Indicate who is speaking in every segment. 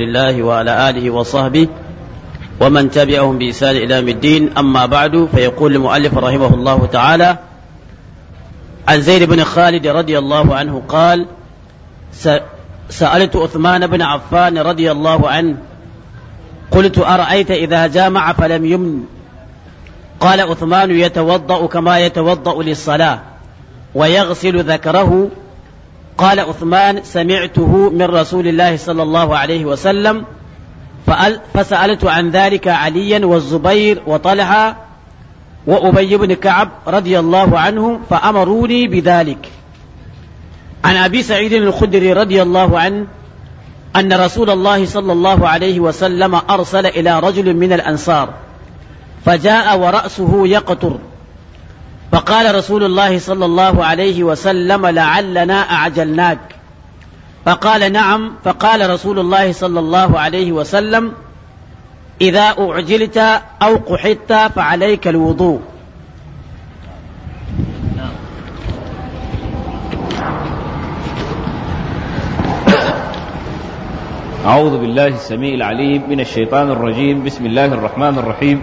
Speaker 1: لله وعلى آله وصحبه ومن تبعهم بإسان إلى الدين أما بعد فيقول المؤلف رحمه الله تعالى عن زيد بن خالد رضي الله عنه قال سألت عثمان بن عفان رضي الله عنه قلت أرأيت إذا جامع فلم يمن قال عثمان يتوضأ كما يتوضأ للصلاة ويغسل ذكره قال عثمان سمعته من رسول الله صلى الله عليه وسلم فسألت عن ذلك عليا والزبير وطلحة وأبي بن كعب رضي الله عنه فأمروني بذلك عن أبي سعيد الخدري رضي الله عنه أن رسول الله صلى الله عليه وسلم أرسل إلى رجل من الأنصار فجاء ورأسه يقطر فقال رسول الله صلى الله عليه وسلم لعلنا أعجلناك فقال نعم فقال رسول الله صلى الله عليه وسلم إذا أعجلت أو قحطت فعليك الوضوء أعوذ
Speaker 2: بالله السميع العليم من الشيطان الرجيم بسم الله الرحمن الرحيم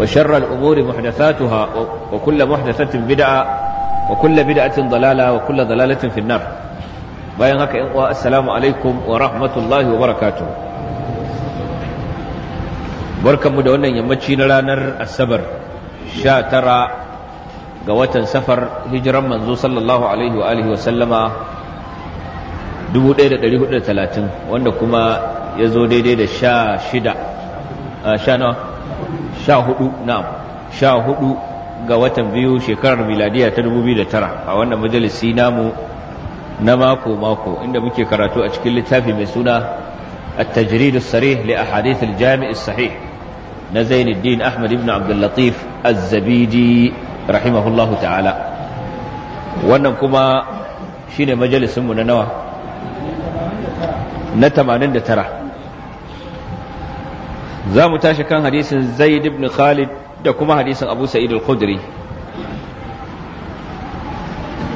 Speaker 2: وشر الأمور محدثاتها وكل محدثة بدعة وكل بدعة ضلالة وكل ضلالة في النار bayan haka yan uwa assalamu wa rahmatullahi wa barakatuh barkanmu da wannan yammaci na ranar asabar tara ga watan safar hijira manzo sallallahu alaihi wa alihi wa sallama wanda kuma ya zo daidai da 16 a sha hudu na'am sha hudu ga watan biyu shekarar miladiya ta 2009 a wannan majalisi namu na mako mako inda muke karatu a cikin littafi mai suna التجريد الصريح لأحاديث الجامع na نزين الدين ibn بن عبد اللطيف الزبيدي رحمه الله ta'ala wannan kuma shine majalisinmu na nawa na 89 za mu tashi kan hadisin zaid ibn khalid da kuma hadisin abu sa'id al-khudri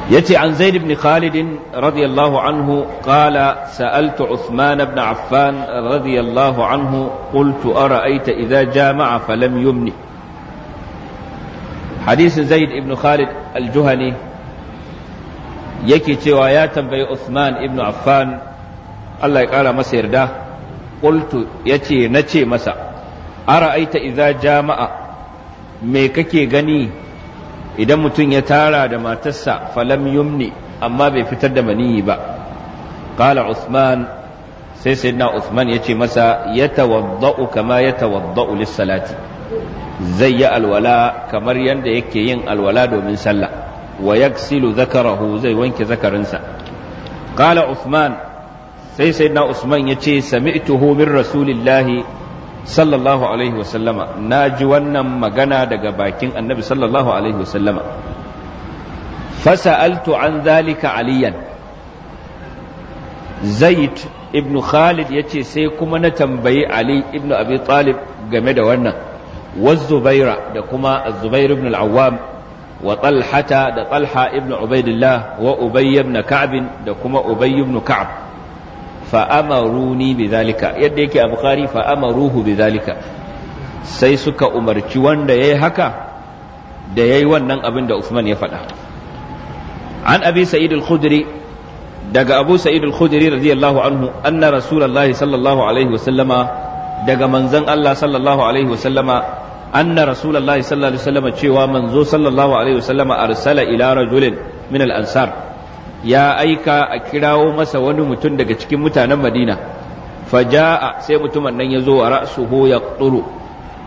Speaker 2: yace an zaid ibn khalid radiyallahu anhu qala sa'altu uthman ibn affan radiyallahu anhu qultu ara'aita idza jama'a falam yumni hadisin zaid ibn khalid al-juhani yake cewa ya tambayi uthman ibn affan Allah ya kara masa yarda qultu yace nace masa ara'aita idza jama'a me kake gani idan mutum ya tara da matarsa falam yumni amma bai fitar da maniyi ba qala usman sai sayyidina usman yace masa yatawadda'u kama yatawadda'u lis-salati zai yi alwala kamar yadda yake yin alwala domin sallah wa yaksilu zakarahu zai wanke zakarinsa qala usman sai sayyidina usman ya ce sami'tuhu min rasulillahi sallallahu alaihi wasallama na ji wannan magana daga bakin annabi sallallahu alaihi wasallama fasa'altu an zalika aliyan zaid ibn khalid ya ce sai kuma na tambayi ali ibn abi talib game da wannan والزبير da kuma الزبير بن العوام وطلحة da طلحة ابن عبيد الله وأبي بن كعب da kuma أبي بن كعب fa'amaruni bi zalika yadda yake a bukhari fa'amaruhu bi zalika sai suka umarci wanda ya yi haka da ya yi wannan abin da Uthman ya faɗa an abi sa'id al-khudri daga abu sa'id al-khudri radiyallahu anhu anna rasulullahi sallallahu alaihi wa sallama daga manzon Allah sallallahu alaihi wa sallama anna rasulullahi sallallahu alaihi wa sallama cewa manzo sallallahu alaihi wa sallama arsala ila rajulin min al-ansar ya aika a kirawo masa wani mutum daga cikin mutanen madina faja'a sai mutumin nan ya zo a ho ya tsuru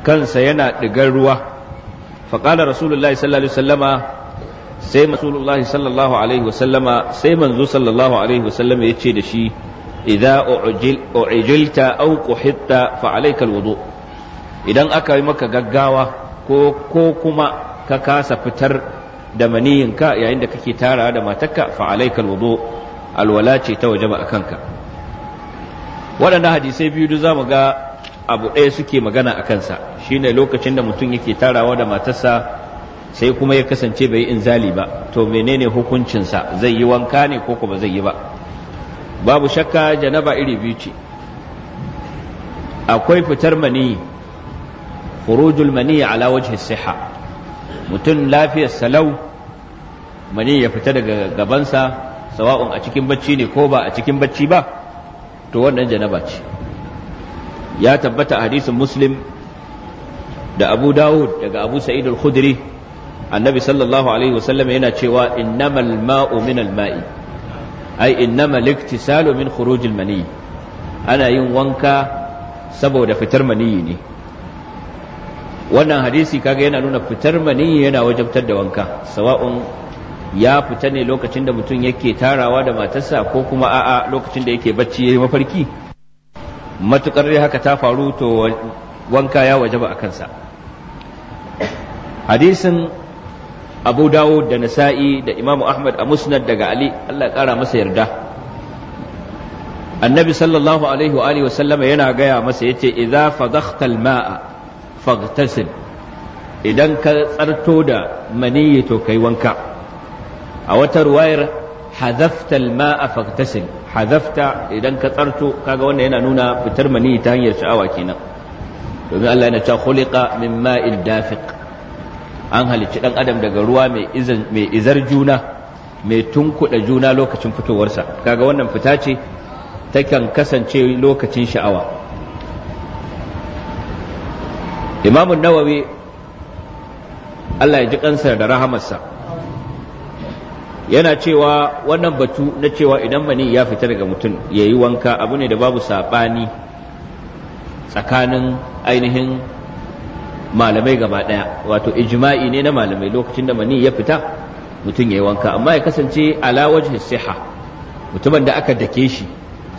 Speaker 2: kansa yana digar ruwa faƙalar rasulullahi sallallahu alaihi wasallama sai rasulullahi sallallahu alaihi wasallama sai manzo sallallahu alaihi wasallama ya ce da shi idza u'jilta aw quhitta fa alayka alwudu idan aka yi maka gaggawa ko ko kuma ka kasa fitar da maniyinka yayin da kake tara da matarka fa alaikal wudu alwala ce ta wajaba a kanka waɗannan hadisai biyu duk zamu ga abu ɗaya suke magana a kansa shine lokacin da mutum yake tarawa da matarsa sai kuma ya kasance bai inzali ba to menene hukuncinsa zai yi wanka ne ko kuma zai yi ba babu shakka janaba iri biyu ce akwai fitar mani khurujul mani ala wajhi siha mutum lafiyar salau mani ya fita daga gabansa sawa'un a cikin bacci ne ko ba a cikin bacci ba to wannan janaba ce ya tabbata a hadisin muslim da abu dawud daga abu sa'id al-khudri annabi sallallahu alaihi wasallam yana cewa innamal ma'u min al-ma'i ai innamal iktisalu min khurujil mani ana yin wanka saboda fitar maniyi ne wannan hadisi kaga yana nuna fitar mani yana wajabtar da wanka sawa'un ya fita ne lokacin da mutum yake tarawa da matarsa ko kuma a'a lokacin da yake bacci yayi mafarki matukar dai haka ta faru to wanka ya wajaba a kansa hadisin abu dawud da nasa'i da Imam ahmad a musnad daga ali allah kara masa yarda annabi sallallahu alaihi wa alihi yana gaya masa yace idza fadakhta al-ma'a faghtasil idan ka tsarto da maniyyi to kai wanka a wata ruwayar hazafta alma'a faghtasil hazafta idan ka tsarto kaga wannan yana nuna fitar maniyyi ta hanyar sha'awa kenan domin Allah yana cewa khuliqa min ma'in dafiq an halicci dan adam daga ruwa mai mai izar juna mai tunkuɗa juna lokacin fitowarsa kaga wannan fita ce takan kasance lokacin sha'awa imamun nawawi Allah ya ji kansa da rahamarsa yana cewa wannan batu na cewa idan mani ya fita daga mutum ya yi wanka abu ne da babu saɓani tsakanin ainihin malamai gaba ɗaya wato ijma'i ne na malamai lokacin da mani ya fita mutum ya yi wanka amma ya kasance ala siha mutumin da aka dake shi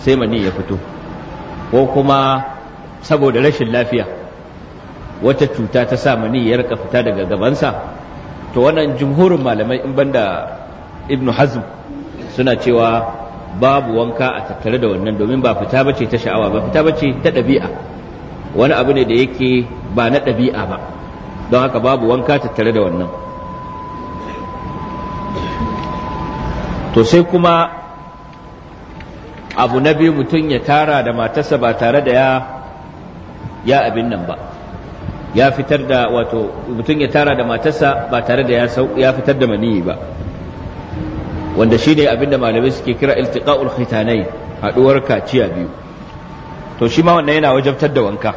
Speaker 2: sai mani ya fito ko kuma saboda rashin lafiya wata cuta ta sa mani ya rika fita daga gabansa to wannan jumhurin malamai in banda ibn hazm suna cewa babu wanka a tattare da wannan domin ba fita bace ta sha'awa ba fita bace ta ɗabi'a wani abu ne da yake ba na ɗabi'a ba don haka babu wanka tattare da wannan to sai kuma abu na biyu mutum ya tara da matarsa ba tare da ya ya abin nan ba ya fitar da wato mutum ya tara da matarsa ba tare da ya fitar da maniyi ba wanda shi ne abinda malamai suke kira iltiqa'ul khitanai haduwar kaciya biyu to shi ma wannan yana wajabtar da wanka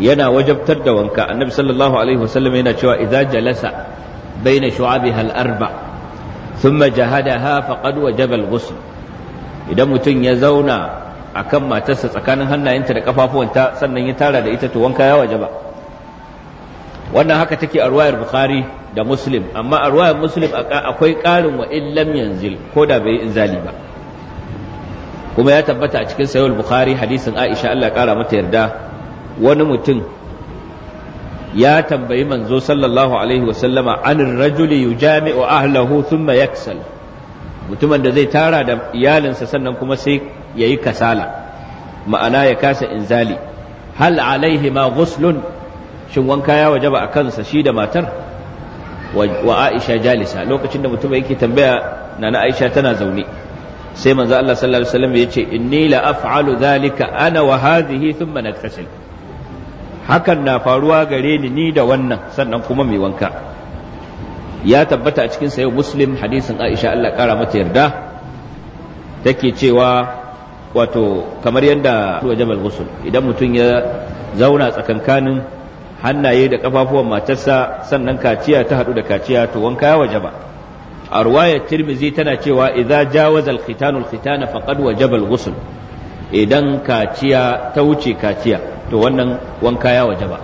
Speaker 2: yana wajabtar da wanka annabi sallallahu alaihi wasallam yana cewa idza jalasa baina shu'abiha al-arba thumma jahadaha faqad wajaba al-ghusl idan mutum ya zauna akan matarsa tsakanin hannayenta da ƙafafuwanta sannan ya tara da ita to wanka ya waje ba. wannan haka take a ruwayar bukhari da muslim amma a ruwayar muslim akwai ƙarin wa illam yanzil ko da bai inzali ba kuma ya tabbata a cikin sayar bukhari hadisin aisha allah ƙara mata yarda wani mutum ya tambayi manzo sallallahu alaihi wasallama anin rajuli yujami'u ahlahu thumma yaksal mutumin da zai tara da iyalinsa sannan kuma sai ya yi kasala ma'ana ya kasa inzali hal alaihi ma guslun shin wanka ya wajaba a kansa shi da matar wa aisha jalisa lokacin da mutum yake tambaya na aisha tana zaune sai manzo Allah sallallahu alaihi wasallam yace inni la af'alu dhalika ana wa hadhihi thumma naktasil hakan na faruwa gare ni ni da wannan sannan kuma mai wanka ya tabbata a cikin sayo muslim hadisin aisha Allah kara mata yarda take cewa wato kamar yadda wajen jamal idan mutum ya zauna tsakankanin hannaye da kafafuwan matarsa sannan kaciya ta hadu da kaciya to wanka ya wajaba a ruwayar tirmizi tana cewa idan jawaza al-khitanu faqad wajaba idan kaciya ta wuce kaciya to wannan wanka ya wajaba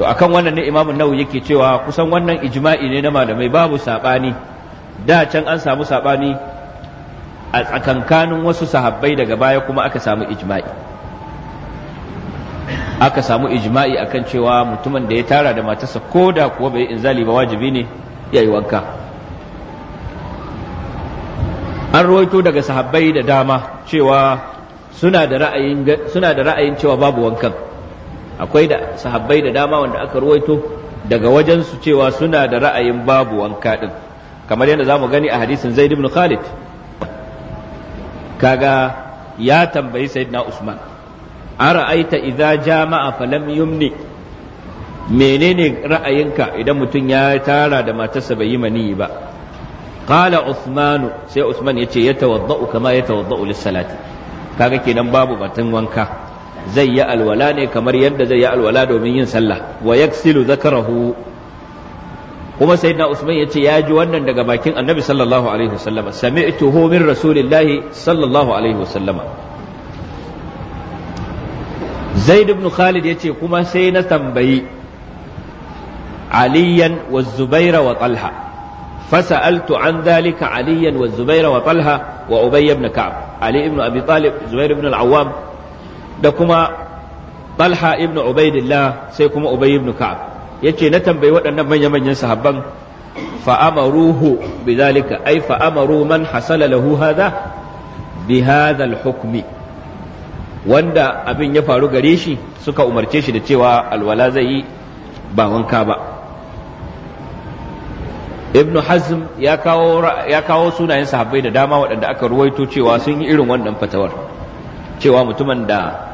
Speaker 2: to akan wannan ne imamu nawawi yake cewa kusan wannan ijma'i ne na malamai babu saɓani da can an samu saɓani. a tsakankanin wasu sahabbai daga baya kuma aka samu ijma'i aka samu ijma'i akan cewa mutumin da ya tara da matarsa ko da kuwa bai inzali ba wajibi ne ya yi wanka an ruwaito daga sahabbai da dama cewa suna da ra'ayin cewa babu wankan akwai da sahabbai da dama wanda aka ruwaito daga wajen su cewa suna da ra'ayin babu wanka din kamar yadda za mu gani a hadisin zaid ibn khalid kaga ya tambayi sayyidina usman ra'aita idza jama'a falam yumni menene ra'ayinka idan mutum ya tara da matarsa bai yi maniyi ba qala usman sai usman yace yatawaddau kama yatawaddau lis-salati kaga kenan babu batun wanka zai yi alwala ne kamar yadda zai yi alwala domin yin sallah wa yaksilu zakarahu kuma sayyidina usman ya ce ya ji wannan daga bakin annabi sallallahu alaihi wasallama sami'tuhu min rasulillahi sallallahu alaihi wasallama zaid ibn khalid ya ce kuma sai na tambayi aliyan wa zubaira wa talha فسألت عن ذلك wa والزبير وطلحة وأبي بن كعب علي بن أبي طالب زبير بن العوام دكما طلحة ابن عبيد الله سيكما أبي بن كعب yace na tambayi waɗannan manya-manyan sahabban fa'amaruhu bidhalika ai fa'amaru man hasala lahu hadha bi hadha hukmi wanda abin ya faru gare shi suka umarce shi da cewa alwala zai yi ba wanka ba ibn hazm ya kawo ya kawo sunayen sahabbai da dama waɗanda aka ruwaito cewa sun yi irin wannan fatawar cewa mutumin da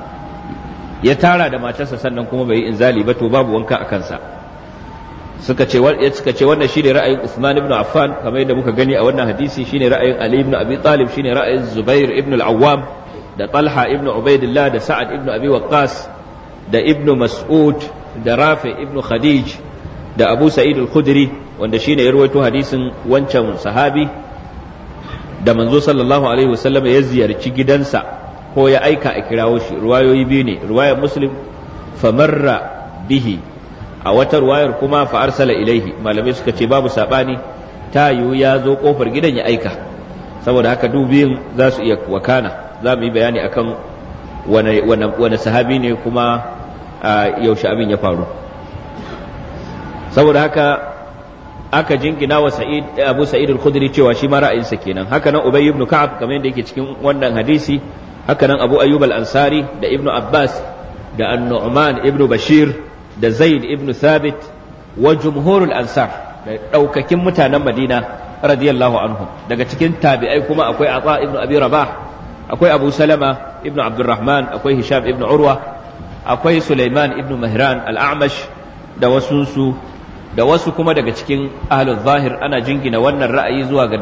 Speaker 2: ya tara da matarsa sannan kuma bai yi inzali ba to babu wanka a kansa suka ce suka ce wannan shine ra'ayin Uthman ibn Affan kamar yadda muka gani a wannan hadisi shine ra'ayin Ali ibn Abi Talib shine ra'ayin Zubair ibn al-Awwam da Talha ibn Ubaidillah da Sa'ad ibn Abi Waqqas da ibn Mas'ud da Rafi ibn Khadij da Abu Sa'id al-Khudri wanda shine ya rawaito hadisin wancan sahabi da manzo sallallahu alaihi wasallam ya ziyarci gidansa ko ya aika a kirawo shi ruwayoyi biyu ne ruwayar Muslim famarra bihi a wata ruwayar kuma Fa'arsala ilaihi malamai suka ce babu sabani ta yiwu ya zo kofar gidan ya aika saboda haka dubin za su iya wakana za mu yi bayani akan wane sahabi ne kuma yaushe abin ya faru saboda haka aka jingina wa sa'id abu sa'id al-khudri cewa shi ma ra'ayinsa kenan haka nan ubay ibn ka'ab kamar yadda yake cikin wannan hadisi haka nan abu ayyub al-ansari da ibn abbas da an-nu'man ibn bashir da zaid ibn thabit wa jumhurul ansar da ɗaukakin mutanen madina radiyallahu anhum daga cikin tabi'ai kuma akwai atsa ibn abi rabah akwai abu salama ibn abdurrahman akwai hisham ibn urwa akwai sulaiman ibn mahran al-a'mash da wasu su da wasu kuma daga cikin ahlul zahir ana jingina wannan ra'ayi zuwa ga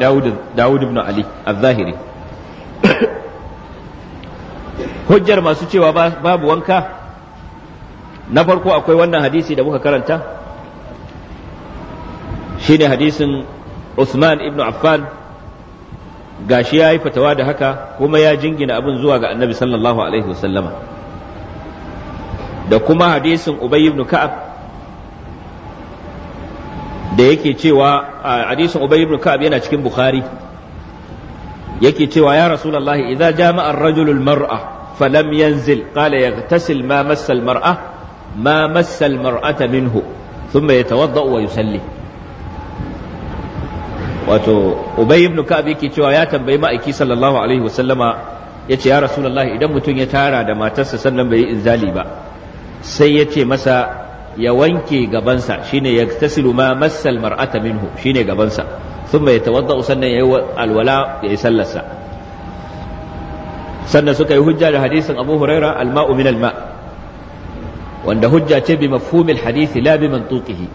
Speaker 2: dawud ibn ali al-zahiri hujjar masu cewa babu wanka na farko akwai wannan hadisi da muka karanta shine hadisin Usman ibn Affan gashi ya yi fatawa da haka kuma ya jingina abin zuwa ga annabi sallallahu alaihi wasallama da kuma hadisin Ubay ibn Ka'ab da yake cewa hadisin Ubay ibn Ka'ab yana cikin Bukhari yake cewa ya Rasulullahi idan jama'a rajulul mara falam yanzil qala yaghtasil ma massa al-mar'a ma massal mar'ata minhu thumma yatawadda wa yusalli wato ubay ibn ka'ab yake cewa ya tambayi ma'aiki sallallahu alaihi wasallama yace ya rasulullahi idan mutum ya tara da matarsa sannan bai yi inzali ba sai yace masa ya wanke gabansa shine ya tasilu ma massal mar'ata minhu shine gabansa thumma yatawadda sannan ya yi alwala yayi sallarsa sannan suka yi hujja da hadisin abu huraira alma'u min alma' wanda hujja ce bi mafhumil hadisi la bi mantuqihi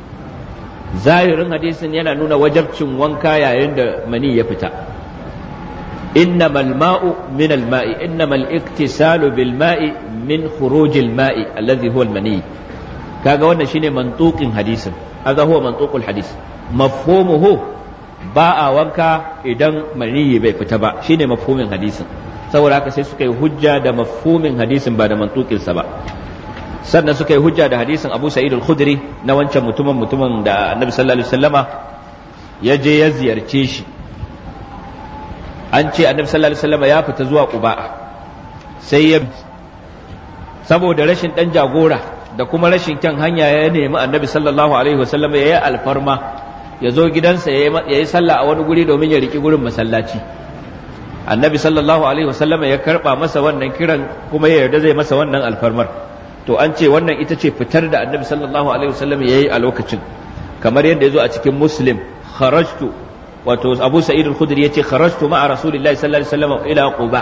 Speaker 2: zahirin hadisin yana nuna cin wanka yayin da mani ya fita إنما الماء من الماء إنما الاغتسال بالماء من خروج الماء الذي هو المني kaga wannan shine mantuqin hadisin kaga huwa mantuqul hadis mafhumuhu ba a wanka idan maniyi bai fita ba shine mafhumin hadisin saboda haka sai suka yi hujja da mafhumin hadisin ba da mantuqin ba sannan suka yi hujja da hadisin Abu Sa'id al-Khudri na wancan mutumin mutumin da Annabi sallallahu alaihi wasallama ya je ya ziyarce shi an ce Annabi sallallahu alaihi wasallama ya fita zuwa Quba sai ya saboda rashin dan jagora da kuma rashin kyan hanya ya nemi Annabi sallallahu alaihi wasallama ya yi alfarma ya zo gidansa ya yi sallah a wani guri domin ya riki gurin masallaci annabi sallallahu alaihi wasallama ya karba masa wannan kiran kuma ya yarda zai masa wannan alfarmar to an ce wannan ita ce fitar da annabi sallallahu alaihi wasallam yayi a lokacin kamar yadda ya zo a cikin muslim kharajtu wato abu sa'id al-khudri yace kharajtu ma'a rasulillahi sallallahu alaihi wasallam ila quba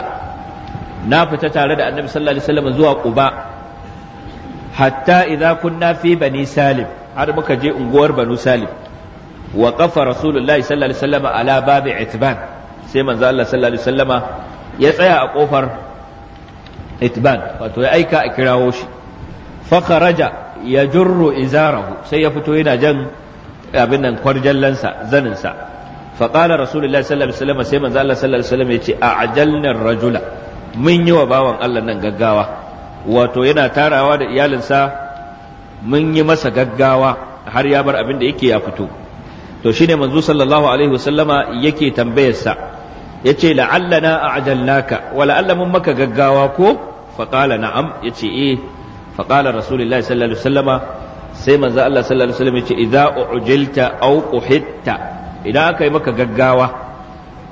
Speaker 2: na fita tare da annabi sallallahu alaihi wasallam zuwa quba hatta idza kunna fi bani salim har muka je unguwar banu salim wa qafa rasulullahi sallallahu alaihi wasallam ala babi itban sai manzo Allah sallallahu alaihi wasallama ya tsaya a kofar itban wato ya aika a kirawo shi fakaraja ya jurru izarahu sai ya fito yana jan abin nan kwarjallansa zaninsa faƙala rasulullah sallallahu alaihi wasallam sai manzo Allah sallallahu alaihi ya ce a ajalna rajula mun yi wa bawan Allah nan gaggawa wato yana tarawa da iyalinsa mun yi masa gaggawa har ya bar abin da yake ya fito to shine manzo sallallahu alaihi wasallama yake tambayarsa yace la'allana a'jalnaka wa la'alla mun maka gaggawa ko faqala na'am yace eh fa qala rasulullahi sallallahu alaihi wasallama sai manzo Allah sallallahu alaihi wasallam ce idan aka yi maka gaggawa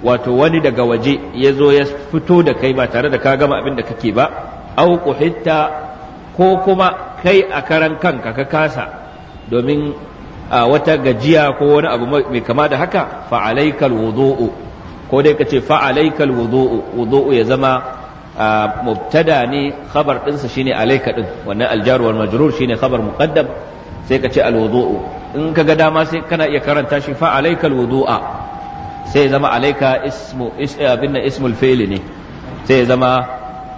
Speaker 2: wato wani daga waje ya zo ya fito da kai ba tare da ka gama abin da kake ba aw ko kuma kai a karan kanka ka kasa domin a wata gajiya ko wani abu mai kama da haka fa alaikal wudu'u ko dai ka ce fa alaikal wudu'u ya zama mubtada ne khabar ɗinsa shine alayka din wannan aljar wal majrur shine khabar muqaddam sai ka ce alwudu'u in ka ga dama sai kana iya karanta shi fa alayka alwudu'a sai zama alayka ismu abinna ismul fi'l ne sai zama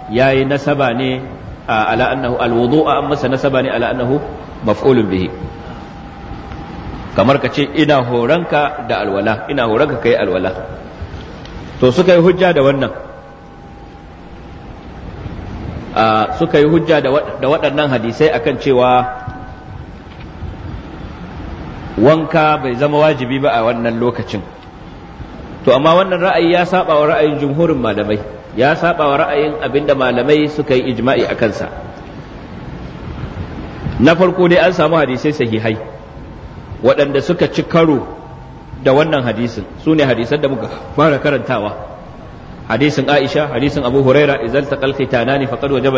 Speaker 2: yayi nasaba ne ala annahu alwudu'a amma sa nasaba ne ala annahu maf'ulun bihi kamar ka ce ina horanka da alwala ina horanka kai alwala to suka yi hujja da wannan suka yi hujja da waɗannan hadisai akan cewa wanka bai zama wajibi ba a wannan lokacin to amma wannan ra'ayi ya saba wa ra'ayin jumhurin malamai ya saba wa ra'ayin abinda malamai suka yi ijma'i a kansa na farko dai an samu hadisai sahihai waɗanda suka ci karo da wannan hadisin su ne hadisan da muka fara karantawa hadisin Aisha hadisin Abu Huraira idan taqal khitanani faqad wajaba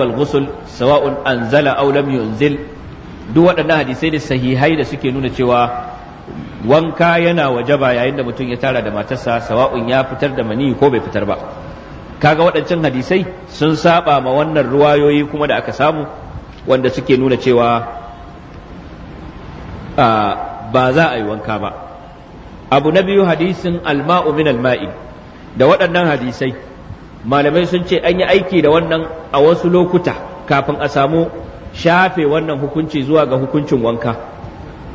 Speaker 2: al anzala aw duk waɗannan hadisai ne sahihai da suke nuna cewa wanka yana wajaba yayin da mutum ya tara da matarsa sawa'un ya fitar da mani ko bai fitar ba kaga waɗancan hadisai sun saɓa ma wannan ruwayoyi kuma da aka samu wanda suke nuna cewa ba za a yi wanka ba abu na biyu hadisin alma'u min alma'i da waɗannan hadisai malamai sun ce an yi aiki da wannan a wasu lokuta kafin a samu shafe wannan hukunci zuwa ga hukuncin wanka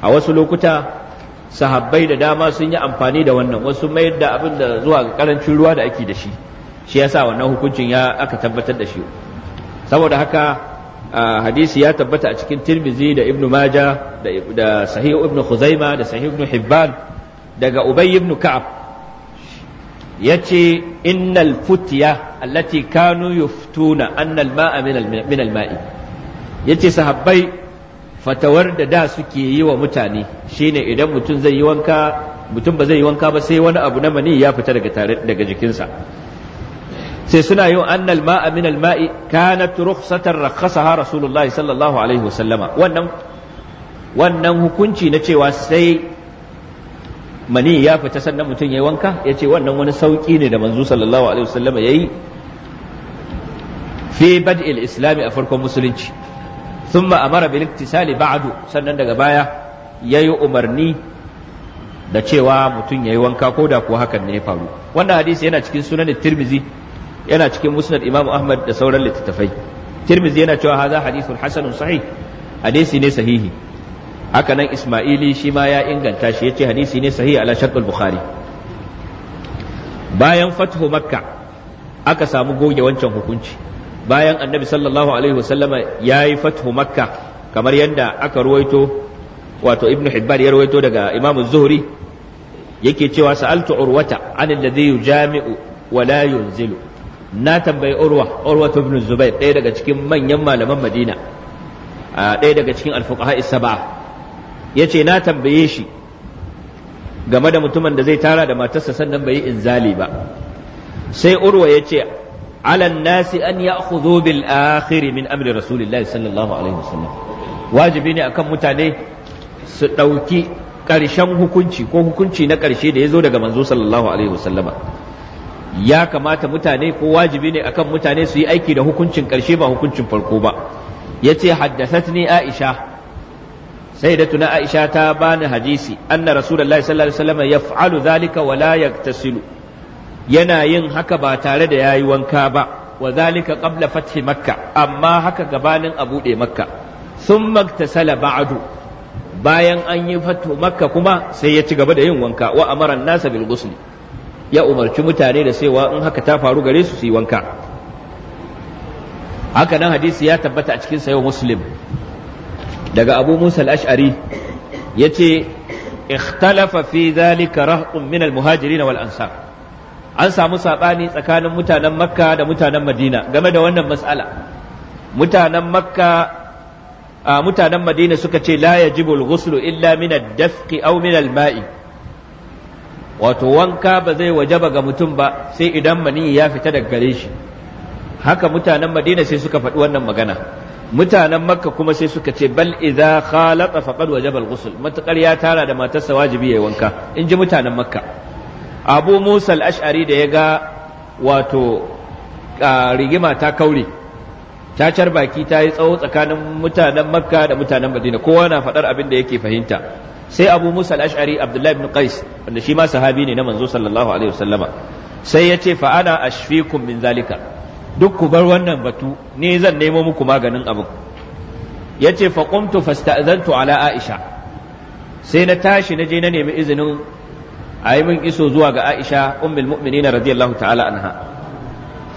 Speaker 2: a wasu lokuta sahabbai da dama sun yi amfani da wannan wasu mayar da abin da zuwa ga karancin ruwa da ake da shi shi yasa wannan hukuncin ya aka tabbatar da shi saboda haka hadisi ya tabbata a cikin tirmizi da ibnu maja da sahih ibnu khuzaima da sahih ibnu hibban daga Ubay ibn Ka'ab yace innal futya allati kanu yuftuna annal ma'a min al ma'i yace sahabbai fatawar da da suke yi wa mutane shine idan mutum zai yi wanka mutum ba zai yi wanka ba sai wani abu na mani ya fita daga daga jikinsa sai suna yin annal ma'a min al ma'i kanat rukhsatan rakhasaha rasulullahi sallallahu alaihi wasallama wannan wannan hukunci na cewa sai mani ya fita sannan mutum ya yi wanka ya ce wannan wani sauƙi ne da manzo sallallahu alaihi wasallam ya yi fi bad'il islami a farkon musulunci thumma amara bil iktisali ba'du sannan daga baya yayi umarni da cewa mutum yayi wanka ko da kuwa hakan ne ya faru wannan hadisi yana cikin sunan tirmizi yana cikin musnad imamu ahmad da sauran littattafai tirmizi yana cewa hadha hadithun hasanun sahih hadisi ne sahihi haka nan Ismaili shi ma ya inganta shi ya ce hadisi ne sahihi ala shartul Bukhari bayan fathu Makka aka samu goge wancan hukunci bayan Annabi sallallahu alaihi wasallama yayi fathu Makka kamar yadda aka ruwaito wato Ibn Hibban ya ruwaito daga Imam Zuhri yake cewa sa'altu urwata an alladhi yujami'u wa la yunzilu na tambayi urwa urwa ibn zubair ɗaya daga cikin manyan malaman madina daya daga cikin alfuqaha as-sab'a ya ce na tambaye shi game da mutumin da zai tara da matarsa sannan bai yi inzali ba sai urwa ya ce alan nasi an ya bil akhiri min amri rasulillahi sallallahu alaihi wasallam wajibi ne akan mutane su ɗauki ƙarshen hukunci ko hukunci na ƙarshe da ya zo daga manzo sallallahu alaihi wasallama ya kamata mutane ko wajibi ne akan mutane su yi aiki da hukuncin ƙarshe ba hukuncin farko ba ya ce haddasat ne aisha sai da tuna aisha ta bani hadisi anna rasulullahi sallallahu alaihi wasallam yaf'alu zalika wa la yaktasilu yana yin haka ba tare da yayi wanka ba wa zalika qabla fathi makka amma haka gabanin a buɗe makka thumma iktasala ba'du bayan an yi fatu makka kuma sai ya ci gaba da yin wanka wa amara nasa bil ya umarci mutane da cewa in haka ta faru gare su su yi wanka haka nan hadisi ya tabbata a cikin sayo muslim daga abu musa al-ash'ari yace ikhtalafa fi dhalika rahqun min al-muhajirin wal ansar an samu sabani tsakanin mutanen makka da mutanen madina game da wannan mas'ala mutanen makka a mutanen madina suka ce la yajibul ghuslu illa min ad-dafqi aw min al-ma'i wato wanka ba zai wajaba ga mutum ba sai idan mani ya fita daga gare shi haka mutanen madina sai suka faɗi wannan magana mutanen makka kuma sai suka ce bal idza khalata faqad wajaba al-ghusl matakar ya tara da matarsa wajibi yayi wanka in ji mutanen makka abu musa al-ash'ari da ya ga wato rigima ta kaure ta car baki ta yi tsawo tsakanin mutanen makka da mutanen madina kowa na faɗar abin da yake fahimta sai abu musa al-ash'ari abdullahi ibn qais wanda shi ma sahabi ne na manzo sallallahu alaihi wasallama sai ya ce fa ana ashfikum min zalika duk ku bar wannan batu ne zan nemo muku maganin abin yace fa qumtu fasta'zantu ala aisha sai na tashi na je na nemi izinin a yi min iso zuwa ga aisha ummul mu'minina radiyallahu ta'ala anha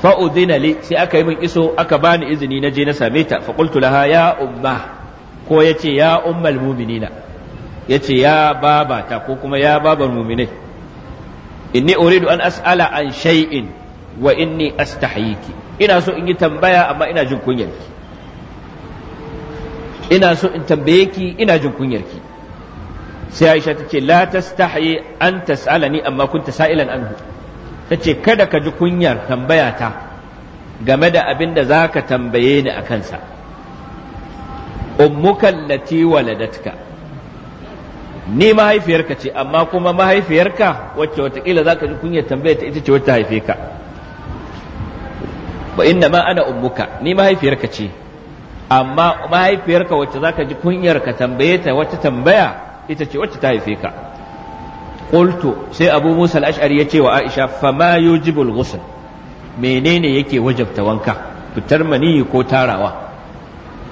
Speaker 2: fa udina li sai aka yi min iso aka bani izini na je na same ta fa qultu laha ya umma ko yace ya ummul mu'minina yace ya babata ko kuma ya babar mu'minai inni uridu an as'ala an shay'in wa inni astahiyiki ina so in yi tambaya amma ina jin kunyarki ina so in tambaye ki ina jin kunyarki sai Aisha ta ce la tastahi an tas'alani amma kunta sa'ilan anhu ta ce kada ka ji kunyar tambaya ta game da abin da za ka tambaye ni a kansa ummuka allati waladatka ni mahaifiyarka ce amma kuma mahaifiyarka wacce watakila za ka ji kunyar tambaya ta ita ce wacce haife ka ba inna ma ana ummuka ni mahaifiyarka ce amma mahaifiyarka wacce zaka ji kunyar ka tambaye ta wata tambaya ita ce wacce ta haife ka qultu sai abu musa al-ash'ari yace wa aisha fama yujibul ghusl menene yake wajabta wanka fitar maniyi ko tarawa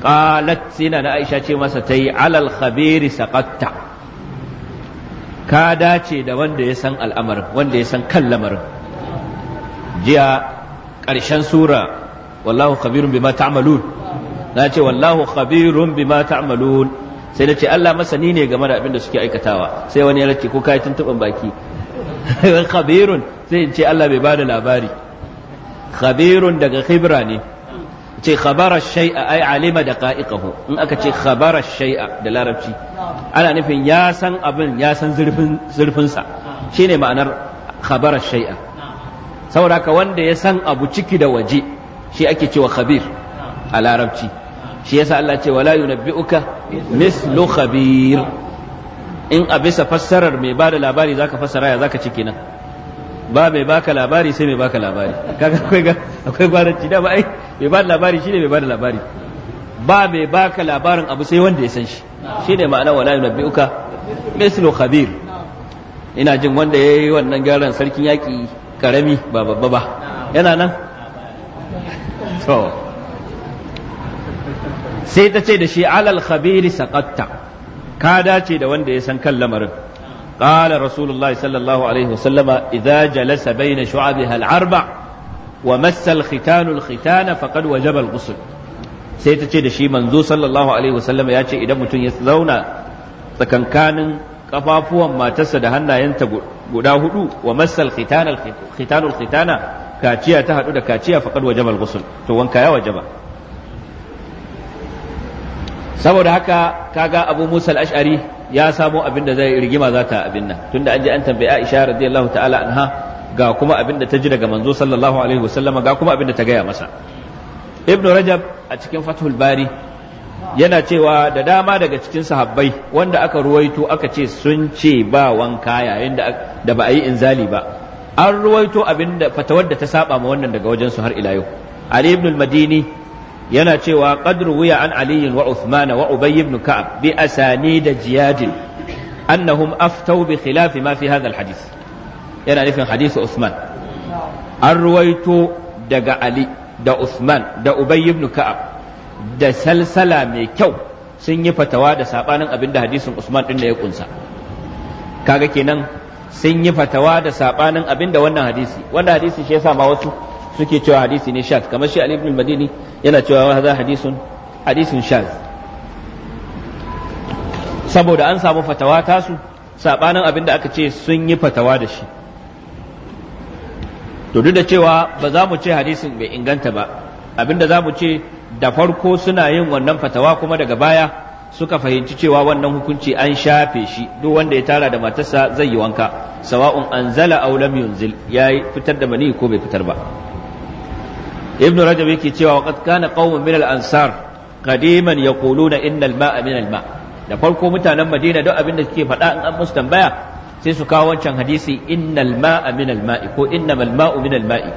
Speaker 2: qalat sina na aisha ce masa tayi alal khabiri saqatta ka dace da wanda ya san al'amarin wanda ya san kan lamarin jiya ƙarshen sura wallahu khabirun bima ta'malun na ce wallahu khabirun bima ta'malun sai na ce Allah masani ne game da abin da suke aikatawa sai wani ya rake ko kai tuntuban baki khabirun sai in ce Allah bai bada labari khabirun daga khibra ne ce khabara shay'a ai alima da qa'iqahu in aka ce khabara shay'a da larabci ana nufin ya san abin ya san zurfin zurfin sa shine ma'anar khabara shay'a saboda ka wanda ya san abu ciki da waje shi ake cewa khabir a larabci shi yasa Allah ce wala yunabbi'uka mislu khabir in a bisa fassarar mai bada labari zaka fassara ya zaka ci nan ba mai baka labari sai mai baka labari kaga akwai akwai gwaranci da ba ai mai bada labari shine mai bada labari ba mai baka labarin abu sai wanda ya san shi shine ma'ana wala yunabbi'uka mislu khabir ina jin wanda yayi wannan gyaran sarkin yaki karami ba babba ba yana nan sai ta ce da shi alal khabiri saqatta ka dace da wanda ya san kan lamarin qala rasulullah sallallahu alaihi wasallam idza jalasa baina shu'abiha al-arba wa massa al-khitan al-khitana faqad wajaba sai ta ce da shi manzo sallallahu alaihi wasallam ya ce idan mutum ya zauna tsakankanin kafafuwan matarsa da hannayenta guda hudu wa massal khitanal khitanul khitana kaciya ta hadu da kaciya faqad wajaba al-ghusl to wanka ya wajaba saboda haka kaga Abu Musa al-Ash'ari ya samo abin da zai rigima za ta abin nan tunda an je an tambayi Aisha radiyallahu ta'ala anha ga kuma abin da ta ji daga manzo sallallahu alaihi wasallama ga kuma abin da ta gaya masa Ibn Rajab a cikin Fathul Bari yana cewa da dama daga cikin sahabbai wanda aka ruwaito aka ce sun ce ba wanka yayin da ba a yi inzali ba an ruwaito abin da fatawar da ta saba ma wannan daga wajen su har ila yau ali ibn madini yana cewa qad wuya an ali wa uthman wa ubay ibn ka'ab bi asani da jiyadin annahum aftau bi khilafi ma fi hadha yana nufin hadisi uthman an ruwaito daga ali da uthman da ubay ibn ka'ab da salsala mai kyau sun yi fatawa da sabanin abin da hadisin Usman din da ya kunsa kaga kenan sun yi fatawa da sabanin abin da wannan hadisi wanda hadisi shi yasa ma wasu suke cewa hadisi ne shaz kamar shi Ali ibn al-Madini yana cewa hadha hadisun hadisin shaz saboda an samu fatawa tasu sabanin abin da aka ce sun yi fatawa da shi to duk da cewa ba za mu ce hadisin bai inganta ba abinda za mu ce da farko suna yin wannan fatawa kuma daga baya suka fahimci cewa wannan hukunci an shafe shi duk wanda ya tara da matarsa zai yi wanka sawa'un anzala aw lam yunzil yayi fitar da mani ko bai fitar ba ibnu rajab yake cewa waqad kana qaumun min al-ansar qadiman yaquluna innal ma'a min al-ma da farko mutanen madina duk abin da suke faɗa in an musu tambaya sai su kawo wancan hadisi innal ma'a min al-ma'i ko innamal ma'u min al-ma'i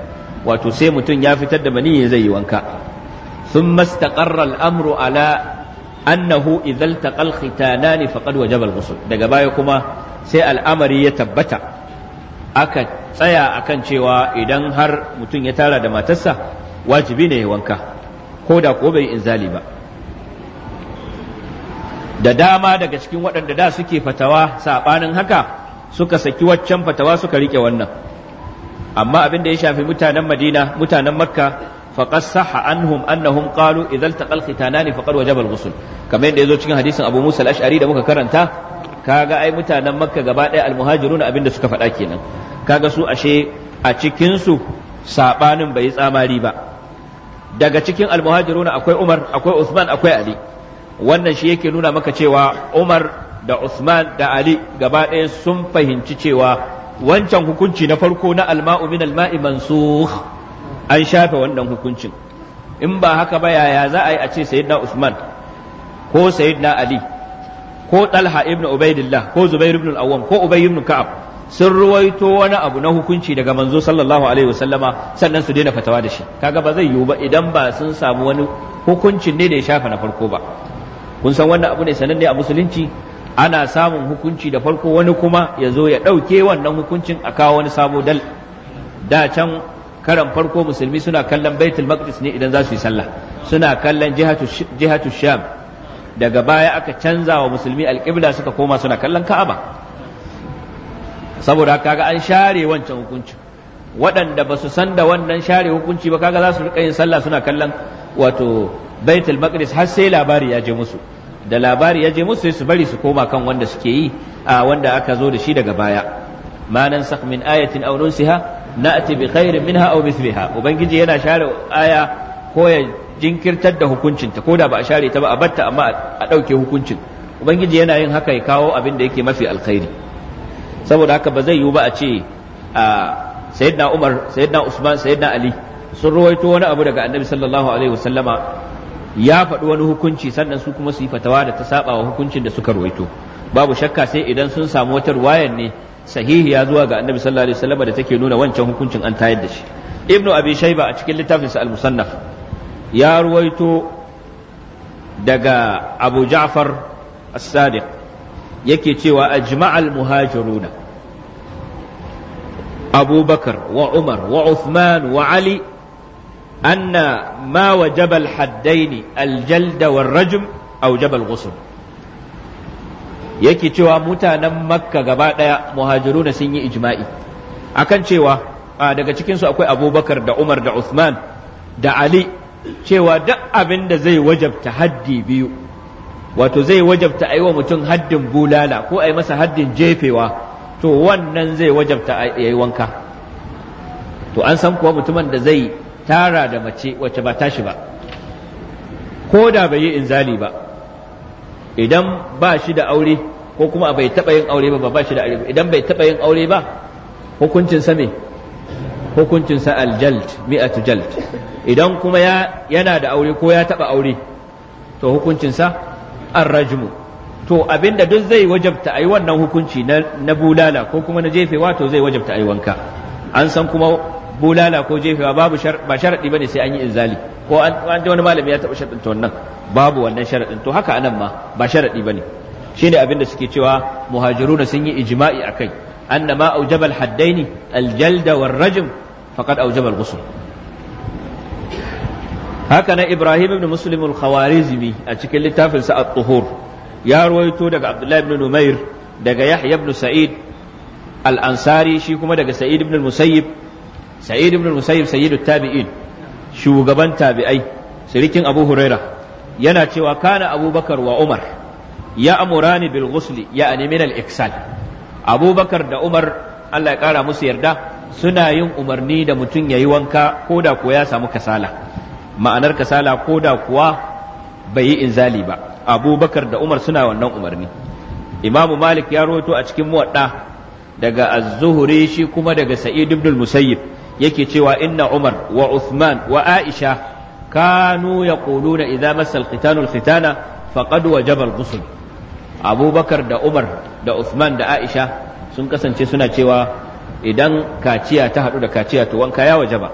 Speaker 2: wato sai mutum ya fitar da mani zai yi wanka ثم استقر الأمر على أنه إذا التقى الختانان فقد وجب الغسل daga baya kuma sai al'amari ya tabbata aka tsaya akan cewa idan har mutum ya tara da matarsa wajibi ne ya wanka ko da ko bai inzali ba da dama daga cikin waɗanda da suke fatawa saɓanin haka suka saki waccan fatawa suka rike wannan amma abin da ya shafi mutanen madina mutanen makka faqad sahha anhum annahum qalu idza taqal khitanani faqad wajaba al-ghusl kamar yadda yazo cikin hadisin Abu Musa al-Ash'ari da muka karanta kaga ai mutanen Makka gaba ɗaya al-muhajirun abinda suka faɗa kenan kaga su ashe a cikin su sabanin bai tsamari ba daga cikin al-muhajirun akwai Umar akwai Usman akwai Ali wannan shi yake nuna maka cewa Umar da Usman da Ali gaba ɗaya sun fahimci cewa wancan hukunci na farko na alma'u min alma'i mansukh an shafe wannan hukuncin in ba haka ba yaya za a yi a ce sayyidina Usman ko sayyidina Ali ko Talha ibn Ubaidillah ko Zubair ibn al-Awwam ko Ubay ibn Ka'ab sun ruwaito wani abu na hukunci daga manzo sallallahu alaihi wasallama sannan su daina fatawa da shi kaga ba zai yiwu ba idan ba sun samu wani hukuncin ne da ya shafa na farko ba kun san wannan abu ne sananne a musulunci ana samun hukunci da farko wani kuma ya zo ya ɗauke wannan hukuncin a kawo wani sabo dal da can karan farko musulmi suna kallon baitul maqdis ne idan za su yi sallah suna kallon jihatu sham daga baya aka canza wa musulmi alƙibla suka koma suna kallon ka'aba saboda kaga an share wancan hukunci waɗanda ba su san da wannan share hukunci ba kaga za su rika yin sallah suna kallon wato baitul maqdis har sai labari ya je musu da labari ya je musu sai su bari su koma kan wanda suke yi a wanda aka zo da shi daga baya ma nan min ayatin aw nunsiha na'ti bi khairin minha aw mithliha ubangiji yana share aya ko ya jinkirtar da hukuncinta ko da ba a share ta ba a batta amma a ɗauke hukuncin ubangiji yana yin haka ya kawo abin da yake mafi alkhairi saboda haka ba zai yiwu ba a ce a sayyidina umar sayyidina usman sayyidina ali sun ruwaito wani abu daga annabi sallallahu alaihi wasallama ya faɗi wani hukunci sannan su kuma su yi fatawa da ta sabawa wa hukuncin da suka ruwaito babu shakka sai idan sun samu wata ruwayan ne sahihiya zuwa ga annabi sallallahu alaihi wasallam da take nuna wancan hukuncin an tayar da shi ibnu abi shayba a cikin littafin sa al-musannaf ya ruwaito daga abu ja'far as-sadiq yake cewa ajma'al muhajiruna abubakar wa umar wa uthman wa ali anna ma wajaba al-haddain al jabal yake cewa mutanen makka gaba ɗaya muhajiruna sun yi ijma'i akan cewa daga cikinsu akwai abubakar da umar da usman da ali cewa duk abin da zai wajabta haddi biyu wato zai wajabta a yi wa mutum haddin bulala ko a yi masa haddin jefewa to wannan zai wajabta a yi wanka to an san kuwa mutumin da zai tara da mace wacce ba tashi ba ko da bai yi inzali ba idan ba shi da aure ko kuma bai taɓa yin aure ba ba shi da aure idan bai taɓa yin aure ba hukuncin sa me hukuncin sa aljald mi'atu jald idan kuma ya yana da aure ko ya taɓa aure to hukuncin sa arrajmu to abinda duk zai wajabta ayi wannan hukunci na bulala ko kuma na jefewa to zai wajabta ayi wanka an san kuma bulala ko jefewa babu ba sharadi bane sai an yi inzali ko an ji wani malami ya taɓa sharadin ta wannan babu wannan sharadin to haka anan ma ba sharadi bane shine abin da suke cewa muhajiruna sun yi ijma'i akai anna ma aujabal haddaini al-jalda war-rajm faqad ghusl haka na Ibrahim ibn Muslim al-Khawarizmi a cikin littafin sa at-Tuhur ya ruwaito daga Abdullahi ibn Numair daga Yahya ibn Sa'id al-Ansari shi kuma daga Sa'id ibn al-Musayyib sa'id ibn musayyib sayyidut tabi'in shugaban tabi'ai sirikin abu huraira yana cewa kana abubakar wa umar ya amurani bil ghusli ya min al iksal abubakar da umar Allah ya kara musu yarda suna yin umarni da mutum ya yi wanka ko da kuwa ya samu kasala ma'anar kasala ko da kuwa bai yi inzali ba abubakar da umar suna wannan umarni imamu malik ya roto a cikin muwadda daga az-zuhri kuma daga sa'id ibn musayyib yake cewa inna umar wa uthman wa aisha kanu yaquluna idza massal qitanu al-khitana faqad wajaba al-ghusl abubakar da umar da uthman da aisha sun kasance suna cewa idan kaciya ta haɗu da kaciya to wanka ya wajaba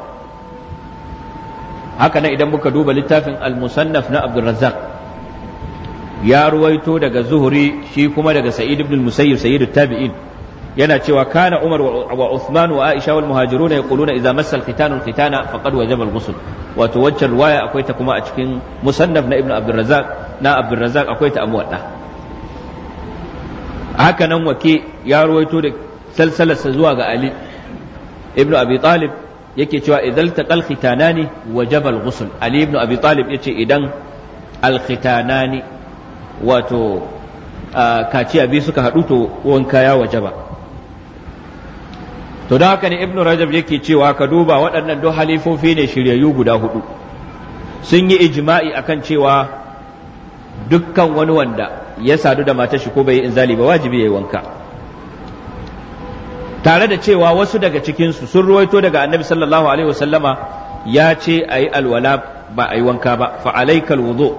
Speaker 2: haka nan idan muka duba littafin al-musannaf na abdulrazzaq ya ruwaito daga zuhuri shi kuma daga sa'id ibn musayyib sayyidut tabi'in yana cewa kana umar wa uthman wa aisha wal muhajirun yaquluna idza massa al khitanu al khitana faqad wajaba al ghusl wato waccan riwaya akwai ta kuma a cikin musannaf na ibnu abdul razzaq na abdul razzaq akwai ta amwadda haka nan wake ya ruwaito da salsalarsa zuwa ga ali ibnu abi talib yake cewa idan taqal khitanani wajaba al ghusl ali ibnu abi talib yace idan al khitanani wato kaciya biyu suka haɗu to wanka ya wajaba to da haka ne ibnu rajab yake cewa ka duba waɗannan duk halifofi ne shiryayyu guda hudu sun yi ijma'i akan cewa dukkan wani wanda ya sadu da matar shi ko bai yi inzali ba wajibi yayi wanka tare da cewa wasu daga cikinsu sun ruwaito daga annabi sallallahu alaihi wasallama ya ce a yi alwala ba a yi wanka ba fa alaikal wudu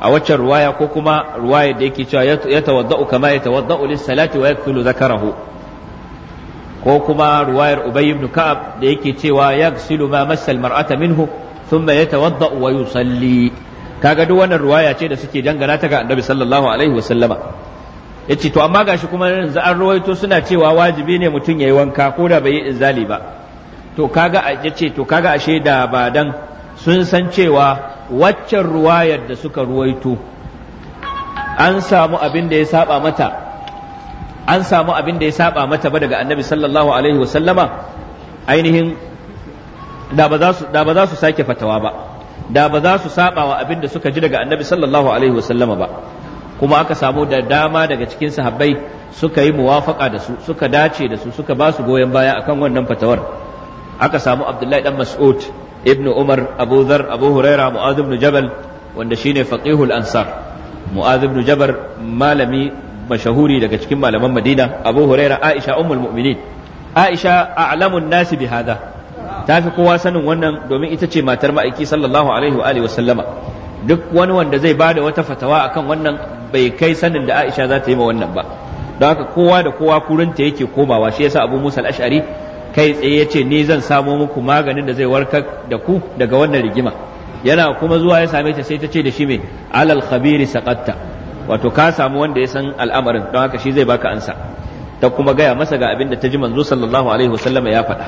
Speaker 2: a waccan ruwaya ko kuma ruwaya da yake cewa ya tawadda'u kama ya tawadda'u lis salati wa yakthulu zakarahu ko kuma ruwayar ubay ibn ka'ab da yake cewa yaghsilu ma massa mar'ata minhu thumma yatawadda wa yusalli kaga duk wannan ruwaya ce da suke dangana ta ga annabi sallallahu alaihi wa sallama yace to amma gashi kuma yanzu an ruwaito suna cewa wajibi ne mutum yayi wanka ko da bai yi inzali ba to kaga yace to kaga ashe da ba dan sun san cewa waccan ruwayar da suka ruwaito an samu abin da ya saba mata an samu abin da ya saba mata ba daga annabi sallallahu alaihi wasallama ainihin da ba za su sake fatawa ba da ba za su saba wa abin da suka ji daga annabi sallallahu alaihi wasallama ba kuma aka samu da dama daga cikin sahabbai suka yi muwafaka da su suka dace da su suka ba su goyon baya akan wannan fatawar aka samu abdullahi dan mas'ud ibn umar abu dhar abu huraira mu'adh ibn jabal wanda shine faqihul ansar mu'adh ibn jabal malami mashahuri daga cikin malaman Madina Abu Huraira Aisha ummul mu'minin Aisha a'lamun nasi haza tafi kowa sanin wannan domin ita ce matar ma'aiki sallallahu alaihi wa duk wani wanda zai bada wata fatawa akan wannan bai kai sanin da Aisha za ta yi ma wannan ba don haka kowa da kowa kurinta yake komawa shi yasa Abu Musa al-Ash'ari kai tsaye yace ni zan samo muku maganin da zai warkar da ku daga wannan rigima yana kuma zuwa ya same ta sai ta ce da shi me alal khabiri saqatta wato ka samu wanda ya san al'amarin don haka shi zai baka ansa ta kuma gaya masa ga abin da ta ji manzo sallallahu alaihi wasallam ya faɗa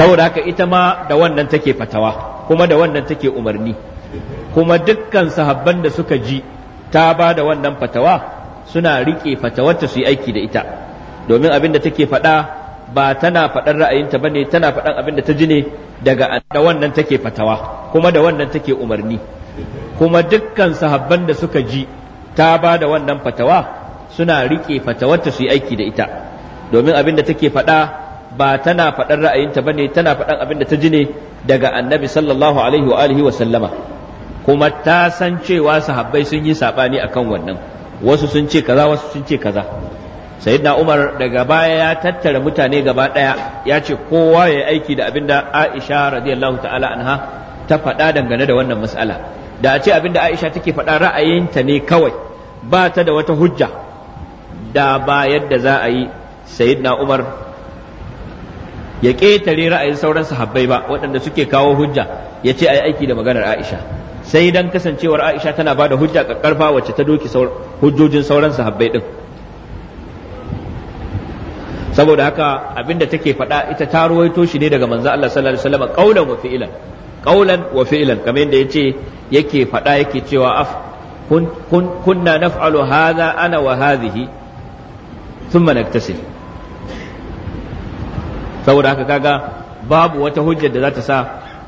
Speaker 2: saboda haka ita ma da wannan take fatawa kuma da wannan take umarni kuma dukkan sahabban da suka ji ta ba da wannan fatawa suna riƙe fatawarta su yi aiki da ita domin abin da take faɗa ba tana faɗar ra'ayinta bane tana faɗan abin da ta ji ne daga da wannan take fatawa kuma da wannan take umarni kuma dukkan sahabban da suka ji ta ba da wannan fatawa suna riƙe fatawarta su yi aiki da ita domin abin da take faɗa ba tana faɗar ra'ayinta bane tana faɗan abin da ta ji ne daga annabi sallallahu alaihi wa alihi wa sallama kuma ta san cewa sahabbai sun yi saɓani akan wannan wasu sun ce kaza wasu sun ce kaza sayyidina umar daga baya ya tattara mutane gaba daya ya ce kowa ya aiki da abinda aisha radiyallahu ta'ala anha ta faɗa dangane da wannan mas'ala da a ce abin da aisha take faɗa ra'ayinta ne kawai ba ta da wata hujja da ba yadda za a yi sayyidina umar ya ƙetare ra'ayin sauran sahabbai ba waɗanda suke kawo hujja ya ce a yi aiki da maganar aisha sai dan kasancewar aisha tana bada hujja ƙarfa wacce ta doki hujjojin sauran sahabbai din saboda haka abinda take faɗa ita ta ruwaito shi ne daga manzo Allah sallallahu alaihi wasallam qaulan wa fi'lan qaulan wa fi'lan kamar yadda yace yake faɗa yake cewa af kunna naf'alu hadha ana wa hadhihi thumma naktasil saboda haka kaga babu wata hujja da za ta sa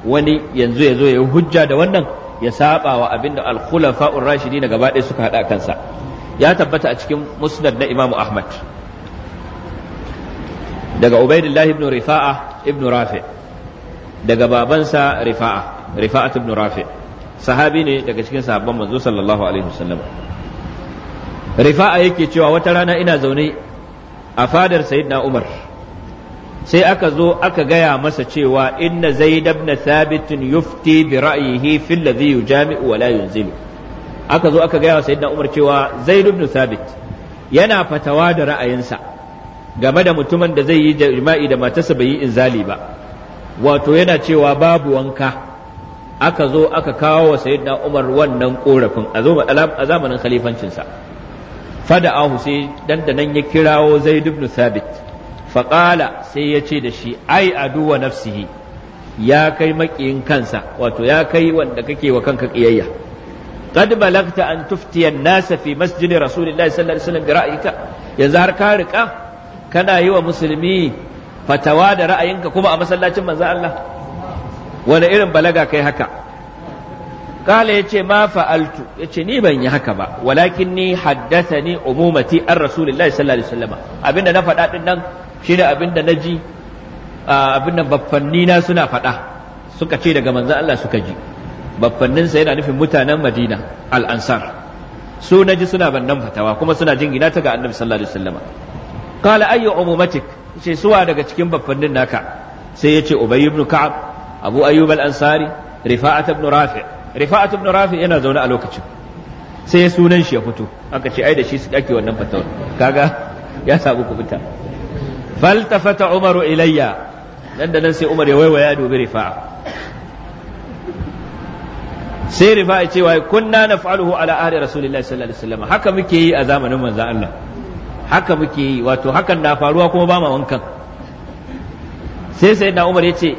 Speaker 2: wani yanzu ya zo ya hujja da wannan ya saba wa abinda al-khulafa'ur rashidin gaba ɗaya suka haɗa kansa ya tabbata a cikin musnad na Imam Ahmad daga ubaidullahi ibn rifa'a ibn rafi daga babansa rifa'a rifa'at ibn rafi sahabi ne daga cikin sahabban manzo sallallahu alaihi wasallam rifa'a yake cewa wata rana ina zaune a fadar sayyidina umar sai aka zo aka gaya masa cewa inna zaid ibn thabit yufti bi ra'yihi fil ladhi yujami'u wa la yunzilu aka zo aka gaya wa sayyidina umar cewa zaid ibn thabit yana fatawa da ra'ayinsa game da mutumin da zai yi jima'i da matarsa bai yi inzali ba wato yana cewa babu wanka aka zo aka kawo wa sayyidina Umar wannan korafin a zamanin khalifancinsa fada'ahu sai da nan ya kirawo Zaid ibn Thabit faqala sai ya ce da shi ai aduwa nafsihi ya kai makiyin kansa wato ya kai wanda kake wa kanka kiyayya قد بلغت أن nasa fi في مسجد رسول الله صلى الله عليه وسلم برأيك يزار كارك kana yi wa musulmi fatawa da ra'ayinka kuma a masallacin manzo Allah wani irin balaga kai haka kala ya ce ma fa'altu ya ce ni ban yi haka ba walakin ni haddasa ni umumati an rasulillahi sallallahu alaihi wasallama abinda na faɗa din nan ne abinda na ji abinda baffanni na suna faɗa suka ce daga manzo Allah suka ji baffanninsa yana nufin mutanen Madina al-Ansar su na ji suna bannan fatawa kuma suna jingina ta ga Annabi sallallahu alaihi wasallama qala ayyu umumatik ce suwa daga cikin baffannin naka sai yace ubay ibn ka'ab abu ayyub ansari rifa'at ibn rafi rifa'at ibn rafi yana zaune a lokacin sai ya sunan shi ya fito aka ce ai shi su ake wannan fatawar kaga ya samu kubuta faltafata umaru ilayya nan da nan sai umar ya waiwaya dubi rifa'a sai rifa ya ce wai kunna naf'aluhu ala ahli sallallahu alaihi haka muke yi a zamanin manzon Allah haka muke yi wato hakan na faruwa kuma ba ma wankan sai sai na umar ya ce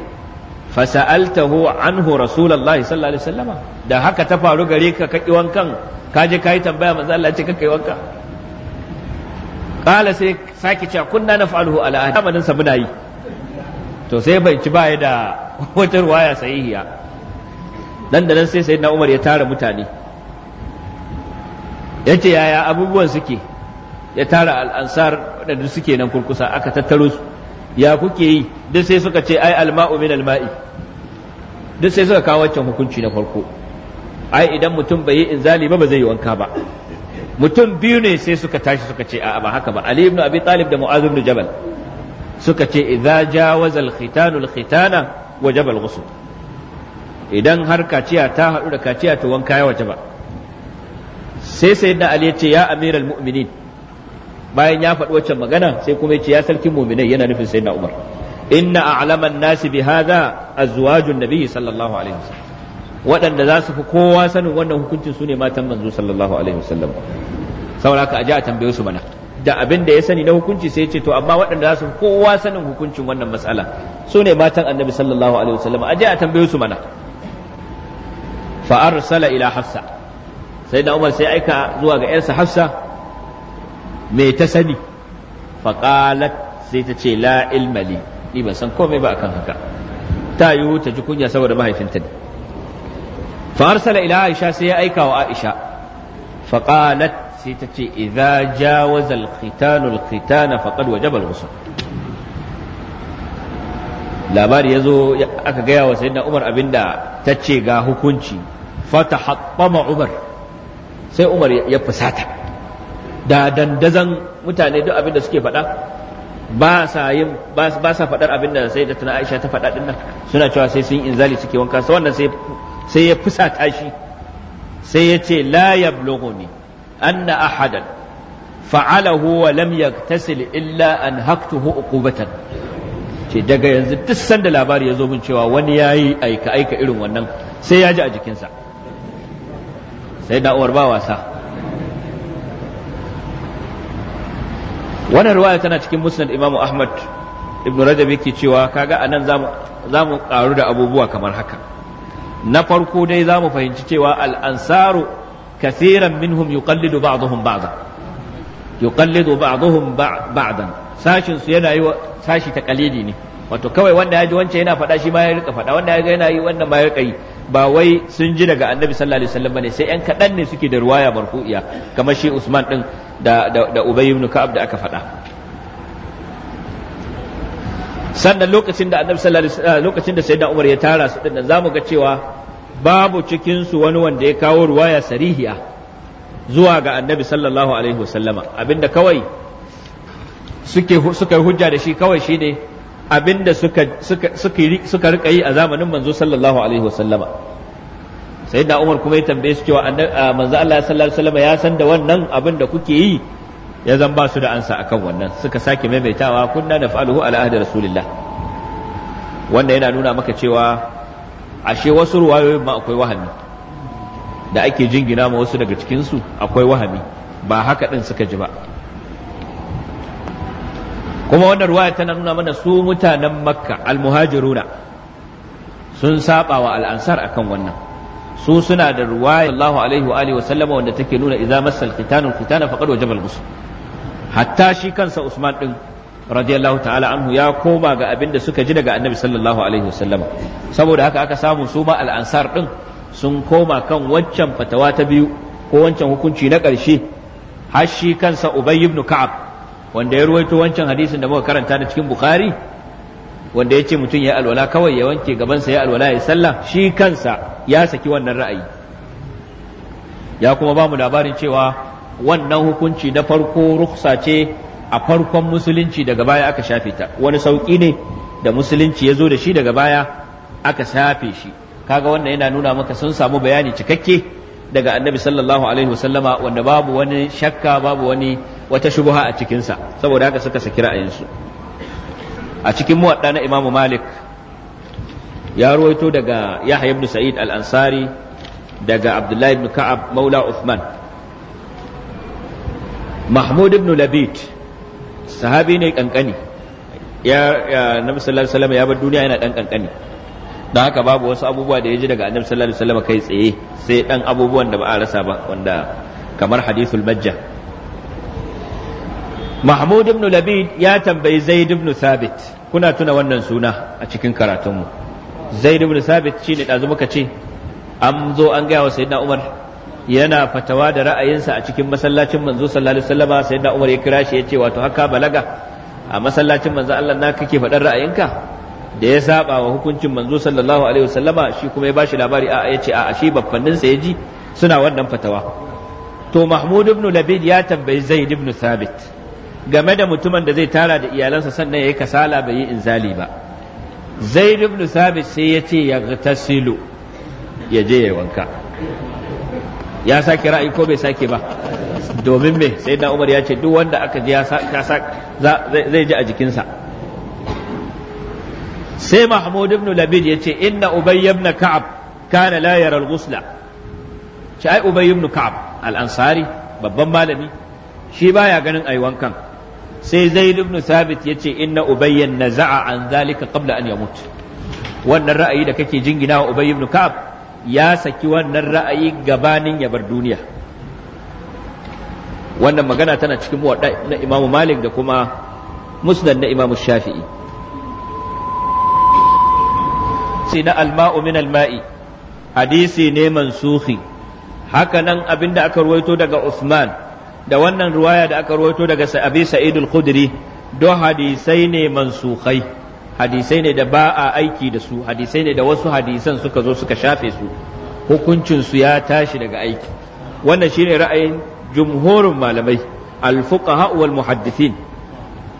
Speaker 2: fasa'altahu anhu rasulullahi sallallahu alaihi wasallama da haka ta faru gare ka kaki wankan ka je kai tambaya manzo Allah ce kake wanka qala sai saki cewa kunna naf'aluhu ala ahli zamanin sa muna yi to sai bai ci baya da wata ruwaya sahihiya dan da nan sai sayyidina Umar ya tara mutane yace yaya abubuwan suke ya tara al'ansar waɗanda suke nan kurkusa aka tattaro su ya kuke yi duk sai suka ce ai alma'u min alma'i duk sai suka kawo wancan hukunci na farko ai idan mutum bai yi inzali ba ba zai yi wanka ba mutum biyu ne sai suka tashi suka ce a'a ba haka ba ali ibn abi talib da mu'az ibn jabal suka ce idza jawaza al-khitan al-khitana ghusl idan har kaciya ta haɗu da kaciya to wanka ya waje ba sai sayyidina ali ya ce ya amiral mu'minin bayan ya faɗi waccan magana sai kuma ya yace ya sarkin mu'minai yana nufin sai na Umar inna a'lama an-nasi bi hadha azwajun nabiy sallallahu alaihi wasallam waɗanda za su fi kowa sanin wannan hukuncin su ne matan manzo sallallahu alaihi wasallam saboda haka a ji a tambaye su mana da abin da ya sani na hukunci sai ce to amma waɗanda za su fi kowa sanin hukuncin wannan matsala su ne matan annabi sallallahu alaihi wasallam aje a tambaye su mana fa arsala ila hafsa sai da umar sai aika zuwa ga yarsa hafsa me ta sani faqalat sai ta ce la ilma li ni ban san komai ba akan haka ta yi ta ji kunya saboda mahaifinta ne fa arsala ila aisha sai ya aika wa aisha faqalat sai ta ce idza jawaza al-khitanu al-khitana faqad wajaba al-ghusl labari ya zo aka gaya wa sayyidina umar abinda ta ce ga hukunci fata haɓɓama umar sai umar ya fusata da dandazan mutane duk abin da suke faɗa ba sa yin ba sa faɗar abin da sai da tana Aisha ta faɗa din nan suna cewa sai sun inzali suke wanka sa wannan sai sai ya fusata shi sai ya ce la yablughuni anna ahadan fa'alahu wa lam yaktasil illa an haktuhu uqubatan ce daga yanzu duk sanda labari ya zo min cewa wani yayi aika aika irin wannan sai ya ji a jikinsa sai da uwar ba wasa wannan riwaya tana cikin musnad imamu ahmad ibn rajab yake cewa kaga anan za mu karu da abubuwa kamar haka na farko dai za mu fahimci cewa al'ansaru kasiran minhum yuqallidu ba'dhum ba'dha yuqallidu ba'dhum ba'dan sashin su yana yi sashi ta kalidi ne wato kawai wanda ya ji wancan yana faɗa shi ma ya rika faɗa wanda ya ga yana yi wannan ma ya rika yi ba wai sun ji daga annabi sallallahu alaihi wasallam bane sai yan kaɗan ne suke da ruwaya marfu'iya kamar shi Usman din da da, da Ubay ibn Ka'ab da aka faɗa sannan lokacin da annabi sallallahu alaihi lokacin da sayyidina Umar ya tara su din nan zamu ga cewa babu cikin su wani wanda ya kawo ruwaya sarihiya zuwa ga annabi sallallahu alaihi wasallama abinda kawai suke suka hujja da shi kawai shine abinda suka suka suka rika yi a zamanin manzo sallallahu alaihi wasallama da Umar kuma ya tambaye su cewa manzo Allah sallallahu alaihi wasallama ya san da wannan abin da kuke yi ya zan ba su da ansa akan wannan suka sake maimaitawa kunna da naf'aluhu ala ahdi rasulillah wanda yana nuna maka cewa ashe wasu ruwayoyin ma akwai wahami da ake jingina ma wasu daga cikin su akwai wahami ba haka din suka ji ba kuma wannan ruwaya tana nuna mana su mutanen makka almuhajiruna sun saba wa al'ansar akan wannan su suna da ruwaya sallallahu alaihi wa alihi wa sallama wanda take nuna idza massal qitanu qitana faqad wajaba al-ghusl hatta shi kansa Usman din radiyallahu ta'ala anhu ya koma ga abin da suka ji daga annabi sallallahu alaihi wa sallama saboda haka aka samu su ma al'ansar din sun koma kan waccan fatawa ta biyu ko wancan hukunci na ƙarshe har shi kansa Ubay ibn Ka'ab wanda ya ruwaito wancan hadisin da muka karanta da cikin bukhari wanda ya ce mutum ya alwala kawai ya wanke gabansa ya alwala ya sallah shi kansa ya saki wannan ra'ayi ya kuma ba mu labarin cewa wannan hukunci na farko ruksa ce a farkon musulunci daga baya aka shafe ta wani sauƙi ne da musulunci ya zo da shi daga baya aka shafe shi kaga wannan yana nuna maka sun samu bayani cikakke daga annabi sallallahu alaihi wasallama wanda babu wani shakka babu wani wata shubuha a cikinsa saboda haka suka saki ra'ayinsu a cikin muwadda na imamu malik ya ruwaito daga yahya ibn sa'id al-ansari daga abdullahi ibn ka'ab maula uthman mahmud ibn labid sahabi ne kankani ya nabi sallallahu alaihi ya bar duniya yana dan kankani don haka babu wasu abubuwa da ya ji daga annabi sallallahu alaihi kai tsaye sai dan abubuwan da ba a rasa ba wanda kamar hadithul majja mahmud ibn labid ya tambayi zaid ibn sabit kuna tuna wannan suna a cikin karatunmu zaid ibn sabit shine dazu muka ce an zo an gaya wa sayyidina umar yana fatawa da ra'ayinsa a cikin masallacin manzo sallallahu alaihi wasallama sayyidina umar ya kira shi ya ce wato haka balaga a masallacin manzo Allah na kake faɗar ra'ayinka da ya saba wa hukuncin manzo sallallahu alaihi wasallama shi kuma ya bashi labari a ya ce a shi baffannin sa yaji suna wannan fatawa to mahmud ibn labid ya tambayi zaid ibn sabit game da mutumin da zai tara da iyalansa sannan ya yi kasala bai yi inzali ba Zai ibn sabit sai ya ce ya tasilu ya je ya wanka ya sake ra'ayi ko bai sake ba domin me sai na umar ya ce duk wanda aka ji zai ji a jikinsa sai mahmud ibn labid ya ce inna ubay ibn ka'ab kana la yara al-ghusla shi ai ubay ibn ka'ab al-ansari babban malami shi baya ganin ai wankan sai zaid ibn sabit yace inna ubayyan naza'a an zalika qabla an yamut wannan ra'ayi da kake jingina wa ubay ibn ka'ab ya saki wannan ra'ayi gabanin ya bar duniya wannan magana tana cikin muwadda na imamu malik da kuma musnad na imamu shafi'i sai na alma'u min alma'i hadisi ne mansuhi haka nan abinda aka ruwaito daga usman da wannan ruwaya da aka rawaito daga abi sa'id al-khudri do hadisai ne mansukhai hadisai ne da ba a aiki da su hadisai ne da wasu hadisan suka zo suka shafe su hukuncin su ya tashi daga aiki wannan shine ra'ayin jumhurin malamai al-fuqaha wal muhaddithin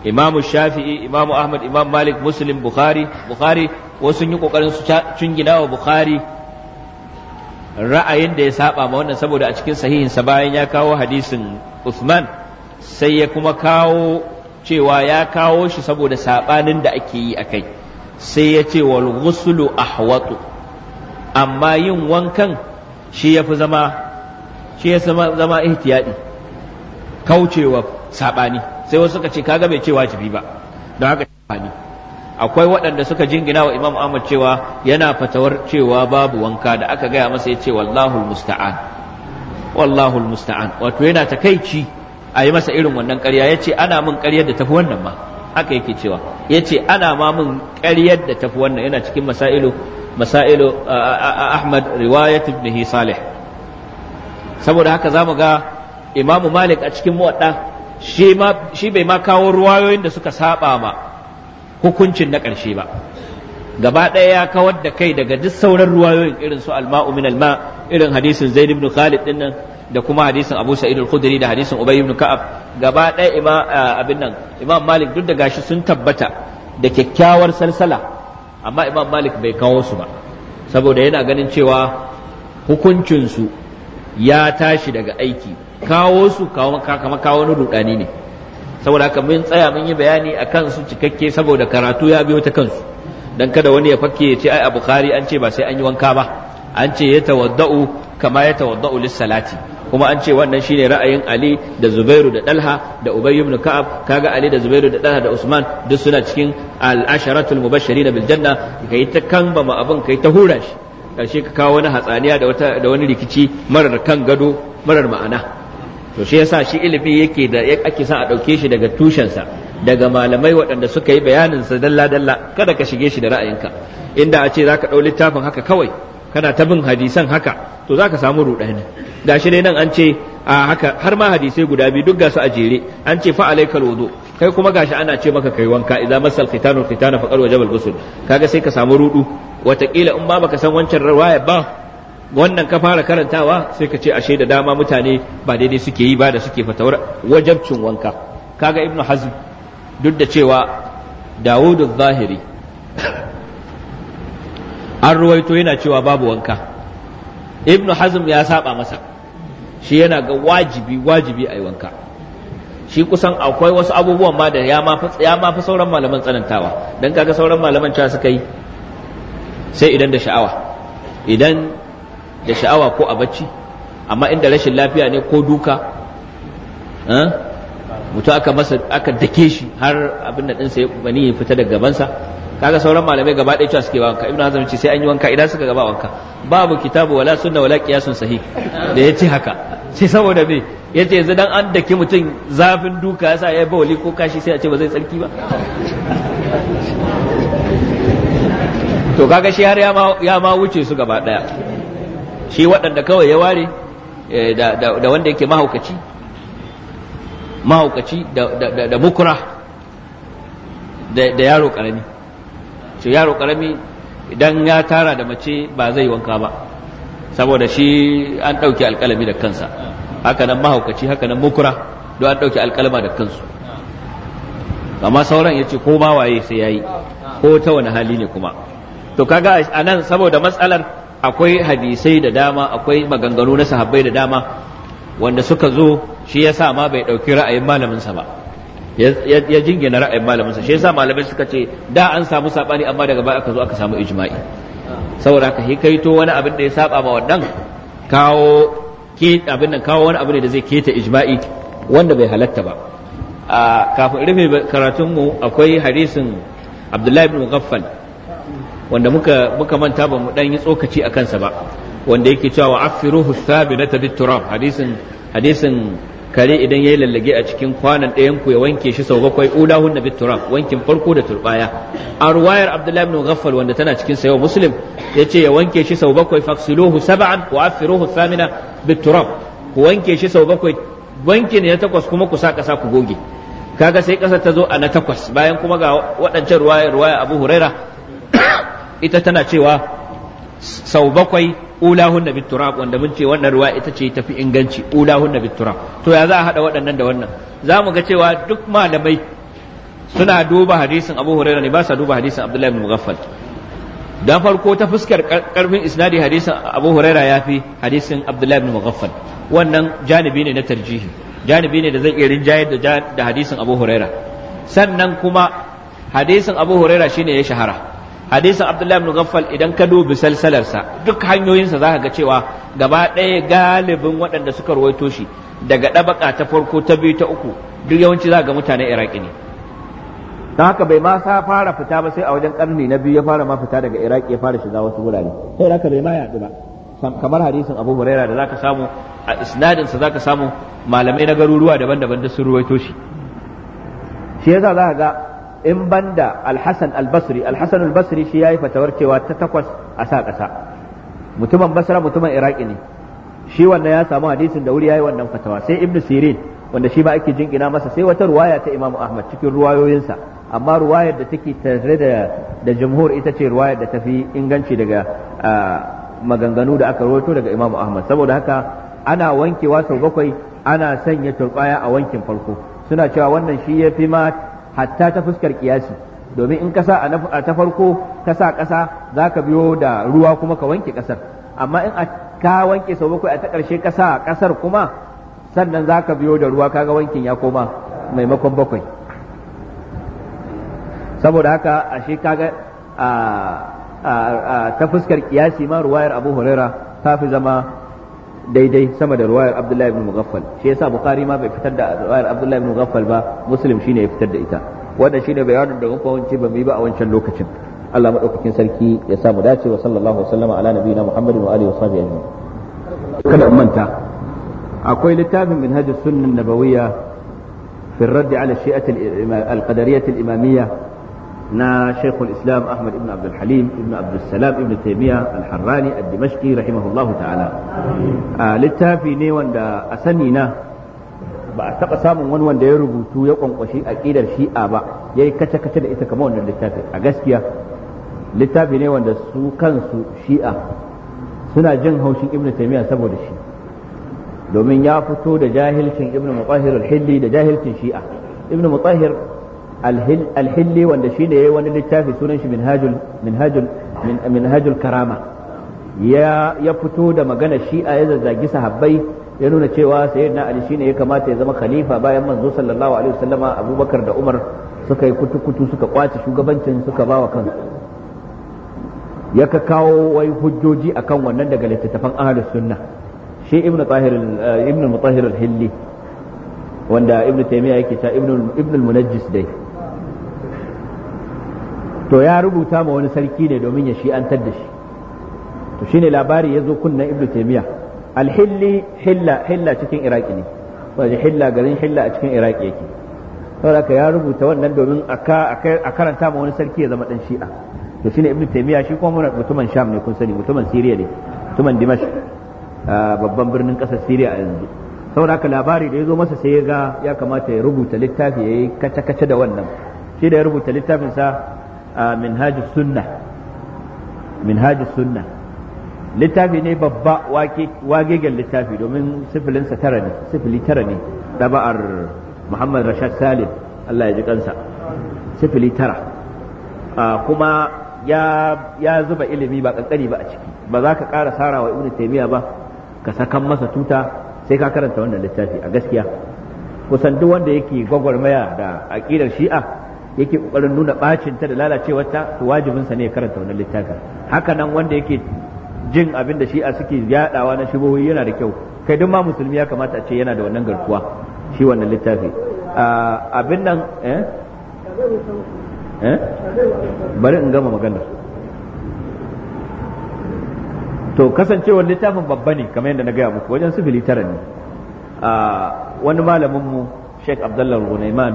Speaker 2: imamu shafi'i imamu ahmad imam malik muslim bukhari bukhari wasu yin kokarin su wa bukhari ra'ayin da ya saba ma wannan saboda a cikin sahihinsa bayan ya kawo hadisin Uthman sai ya kuma kawo cewa ya kawo shi saboda sabanin da ake yi a kai sai ya ce wal ghuslu ahwatu amma yin wankan shi ya fi zama shi ya zama ihtiyadi kaucewa sabani sai wasu suka ce kaga bai ce wajibi ba don haka sabani akwai waɗanda suka jingina wa Imam Ahmad cewa yana fatawar cewa babu wanka da aka gaya masa ya ce wallahu musta'an wallahu musta'an wato yana takaici a yi masa irin wannan ƙarya ya ce ana min ƙaryar da tafi wannan ma haka yake cewa ya ce ana ma min ƙaryar da tafi wannan yana cikin masailu masailu Ahmad riwayat ibn Salih saboda haka zamu ga Imam Malik a cikin muwadda shi bai ma kawo ruwayoyin da suka saba ma hukuncin na ƙarshe ba gaba ɗaya ya kawar da kai daga duk sauran ruwayoyin irin su alma'u min alma irin hadisin zaid ibn khalid din nan da kuma hadisin abu sa'id al-khudri da hadisin ubay ibn ka'ab gaba ɗaya ima abin nan imam malik duk da gashi sun tabbata da kyakkyawar salsala amma imam malik bai kawo su ba saboda yana ganin cewa hukuncin su ya tashi daga aiki kawo su kawo kama kawo rudani ne saboda haka mun tsaya mun yi bayani a kansu cikakke saboda karatu ya biyo ta kansu dan kada wani ya fakke ya ce ai a bukhari an ce ba sai an yi wanka ba an ce ya tawadda'u kama ya tawadda'u lis kuma an ce wannan shine ra'ayin Ali da Zubairu da Dalha da Ubay ibn Ka'ab kaga Ali da Zubairu da Dalha da Usman duk suna cikin al-asharatul mubashirin bil janna kai ta kamba ma abin kai ta hura shi karshe ka kawo wani hatsaniya da wani rikici marar kan gado marar ma'ana to shi yasa shi ilimi yake da ake son a ɗauke shi daga tushensa daga malamai waɗanda suka yi bayanin sa dalla dalla kada ka shige shi da ra'ayinka inda a ce zaka ɗau littafin haka kawai kana ta bin hadisan haka to zaka samu rudani gashi ne nan an ce a haka har ma hadisai guda biyu duk gasu a jere an ce fa alaikal wudu kai kuma gashi ana ce maka kai wanka idza masal khitanul khitana faqad wajaba ghusl kaga sai ka samu rudu watakila in ba baka san wancan riwaya ba wannan ka fara karantawa sai ka ce ashe da dama mutane ba daidai suke yi ba da suke fatawar wajabcin wanka kaga ibnu hazm duk da cewa dawudu zahiri an ruwaito yana cewa babu wanka ibnu hazm ya saba masa shi yana ga wajibi wajibi a wanka shi kusan akwai wasu abubuwan ma da ya ma fi sauran malaman tsanantawa dan kaga sauran malaman cewa suka yi sai idan da sha'awa idan da sha'awa ko a bacci amma inda rashin lafiya ne ko duka eh, mutu aka dake shi har abin da ɗinsa ya fita daga gabansa kaga sauran malamai gaba ɗaya cewa suke wanka ibnu hazm ce sai an yi wanka idan suka gaba wanka babu kitabu wala sunna wala qiyasun sahih da yace haka sai saboda me yace yanzu dan an dake mutum zafin duka yasa ya bawali ko kashi sai a ce ba zai tsarki ba to kaga shi har ya ma wuce su gaba ɗaya shi waɗanda kawai ya ware eh, da wanda yake mahaukaci mahaukaci da mukura da yaro ƙarami shi yaro ƙarami idan ya tara da mace ba zai wanka ba saboda shi an ɗauki alƙalami da kansa hakanan mahaukaci hakanan mukura don an ɗauki alƙalama da kansu amma sauran ya ce ko ma waye sai ya yi ko ta wani hali ne kuma to kaga a nan saboda matsalar akwai hadisai da dama akwai maganganu na sahabbai da dama wanda suka zo shi ya sa ma bai ɗauki ra'ayin malaminsa ba ya jingina ra'ayin malaminsa shi ya sa malamai suka ce da an samu saɓani amma daga baya aka zo aka samu ijma'i saboda ka hikaito wani abin da ya saba ma wannan kawo abin nan kawo wani abu ne da zai keta ijma'i wanda bai halatta ba kafin rufe karatunmu akwai hadisin abdullahi ibn ghaffal wanda muka muka manta ba mu dan yi tsokaci a kansa ba wanda yake cewa wa affiruhu thabinata biturab hadisin hadisin kare idan yayi lallage a cikin kwanan ɗayan ku ya wanke shi sau bakwai ulahun da biturab wankin farko da turbaya a ruwayar abdullahi ibn ghaffal wanda tana cikin sayo muslim yace ya wanke shi sau bakwai faksiluhu sab'an wa affiruhu thamina biturab ku wanke shi sau bakwai wankin na takwas kuma ku sa kasa ku goge kaga sai kasa ta zo a na takwas bayan kuma ga waɗancan ruwaya ruwaya abu huraira ita tana cewa sau bakwai ulahun da wanda mun ce wannan ruwa ita ce tafi inganci ulahun da biturab to ya za a haɗa waɗannan da wannan za mu ga cewa duk malamai suna duba hadisin abu hurairah ne ba sa duba hadisin abdullahi ibn mughaffal dan farko ta fuskar karfin isnadi hadisin abu hurairah ya fi hadisin abdullahi ibn mughaffal wannan janibi ne na tarjihi janibi ne da zai iya rinjayar da hadisin abu hurairah sannan kuma hadisin abu hurairah shine ya shahara hadisin abdullahi ibn ghaffal idan ka dubi salsalarsa duk hanyoyinsa za ka ga cewa gaba ɗaya galibin waɗanda suka ruwaito shi daga ɗabaka ta farko ta biyu ta uku duk yawanci za ga mutane iraki ne don haka bai ma sa fara fita ba sai a wajen karni na biyu ya fara ma fita daga iraki ya fara shiga wasu wurare sai haka bai ma yaɗu ba kamar hadisin abu huraira da zaka samu a isnadinsa zaka samu malamai na garuruwa daban-daban da sun ruwaito shi shi yasa za ka ga in banda alhassan albasri alhassan Basri shi ya yi fatawar cewa ta takwas a sa ƙasa mutumin basra mutumin iraki ne shi wannan ya samu hadisin da wuri ya yi wannan fatawa sai ibn sirin wanda shi ba ake jingina masa sai wata ruwaya ta imamu ahmad cikin ruwayoyinsa amma ruwayar da take tare da da jumhur ita ce ruwayar da tafi inganci daga maganganu da aka rawaito daga imamu ahmad saboda haka ana wankewa sau bakwai ana sanya turbaya a wankin farko suna cewa wannan shi ya fi ma hatta ta fuskar kiyasi domin in kasa a ta farko kasa kasa za ka biyo da ruwa kuma ka wanke kasar amma in a ka wanke sau bakwai a ta ƙarshe kasa a kasar kuma sannan za ka biyo da ruwa kaga wankin ya koma maimakon bakwai saboda haka ashe kaga a ta fuskar kiyasi ma ruwayar abu horaira ta fi zama daidai sama da ruwayar Abdullahi ibn Mughaffal shi yasa Bukhari ma bai fitar da ruwayar Abdullahi ibn Mughaffal ba Muslim shine ya fitar da ita wannan shine yaro da muka wance ba mu ba a wancan lokacin Allah madaukakin sarki ya sa mu dace wa sallallahu alaihi wasallama ala nabiyina Muhammad wa alihi washabihi ajma'in kada manta akwai littafin minhajus sunnah nabawiyya fi radd ala shi'at al-qadariyah al-imamiyya na Sheikhul Islam Ahmad ibn Abdul Halim ibn Abdul Salam ibn Taymiyyah Al-Harrani Ad-Dimashqi rahimahullahu ta'ala littafi ne wanda a sani na ba a taba samun wani wanda ya rubutu ya kwankwashi aƙidar Shi'a ba yayi kace kace da ita kamar wannan littafi a gaskiya littafi ne wanda su kansu Shi'a suna jin haushin Ibn Taymiyyah saboda shi domin ya fito da jahilcin Ibn Mutahhir al-Hilli da jahilcin Shi'a Ibn alhilli wanda shine yayi wani littafi sunan shi minhajul minhajul minhajul karama ya ya fito da magana shi'a ya zazzagi sahabbai ya nuna cewa sayyidina ali shine ya kamata ya zama khalifa bayan manzo sallallahu alaihi wasallama abubakar da umar suka yi kutu-kutu suka kwace shugabancin suka bawa kansu ya ka kawo wai hujjoji akan wannan daga littattafan ahlus sunna shi ibnu tahir ibnu mutahhir al-hilli wanda ibnu taymiya yake ta ibnu ibnu al-munajjis dai to ya rubuta ma wani sarki ne domin ya shi'antar da shi to shine labari ya zo kunna ibnu taymiya alhilli hilla hilla cikin iraki ne wanda hilla garin hilla a cikin iraki yake saboda ya rubuta wannan domin a karanta ma wani sarki ya zama dan shi'a to shine ibnu taymiya shi kuma mutumin sham ne kun sani mutumin siriya ne mutumin dimash babban birnin kasar siriya a yanzu saboda ka labari da ya zo masa sai ya ga ya kamata ya rubuta littafi ya yi kace-kace da wannan shi da ya rubuta littafinsa minhajus sunna minhajus sunna littafi ne babba wagegen littafi domin sifilinsa tara ne sifili tara ne ɗaba'ar muhammad rashad salim allah ya ji kansa sifili tara kuma ya zuba ilimi ba kankani ba a ciki ba za ka ƙara sarawa ibn taymiya ba ka sakan masa tuta sai ka karanta wannan littafi a gaskiya kusan duk wanda yake gwagwarmaya da aƙidar shi'a yake kokarin nuna bacin ta da lalacewar ta to wajibin sa ne ya karanta wannan littafin haka nan wanda yake jin abin da shi'a suke yadawa na shubuhi yana da kyau kai duk ma musulmi ya kamata a ce yana da wannan garkuwa shi wannan littafi abin nan eh? eh bari in gama magana. to kasancewar littafin babba ne kamar yadda na gaya muku wajen sifili tara ne wani malamin mu Sheikh Abdullah Runaiman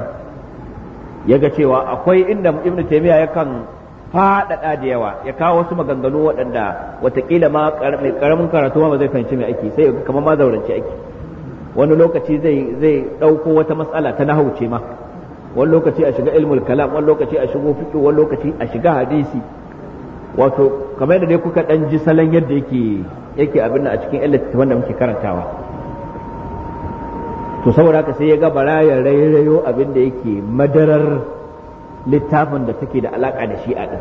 Speaker 2: yaga cewa akwai inda ibnu taymiya yakan faɗaɗa da yawa ya kawo wasu maganganu waɗanda watakila ma mai karamin karatu ma ba zai fahimci mai aiki sai kamar ma zauranci aiki wani lokaci zai zai ɗauko wata matsala ta nahauce ma wani lokaci a shiga ilmul kalam wani lokaci a shigo fiqh wani lokaci a shiga hadisi wato kamar yadda dai kuka dan ji salon yadda yake yake abin a cikin ilmin wanda muke karantawa to saboda haka sai ya ga bara rairayo abin da yake madarar littafin da take da alaka da shi a ɗan,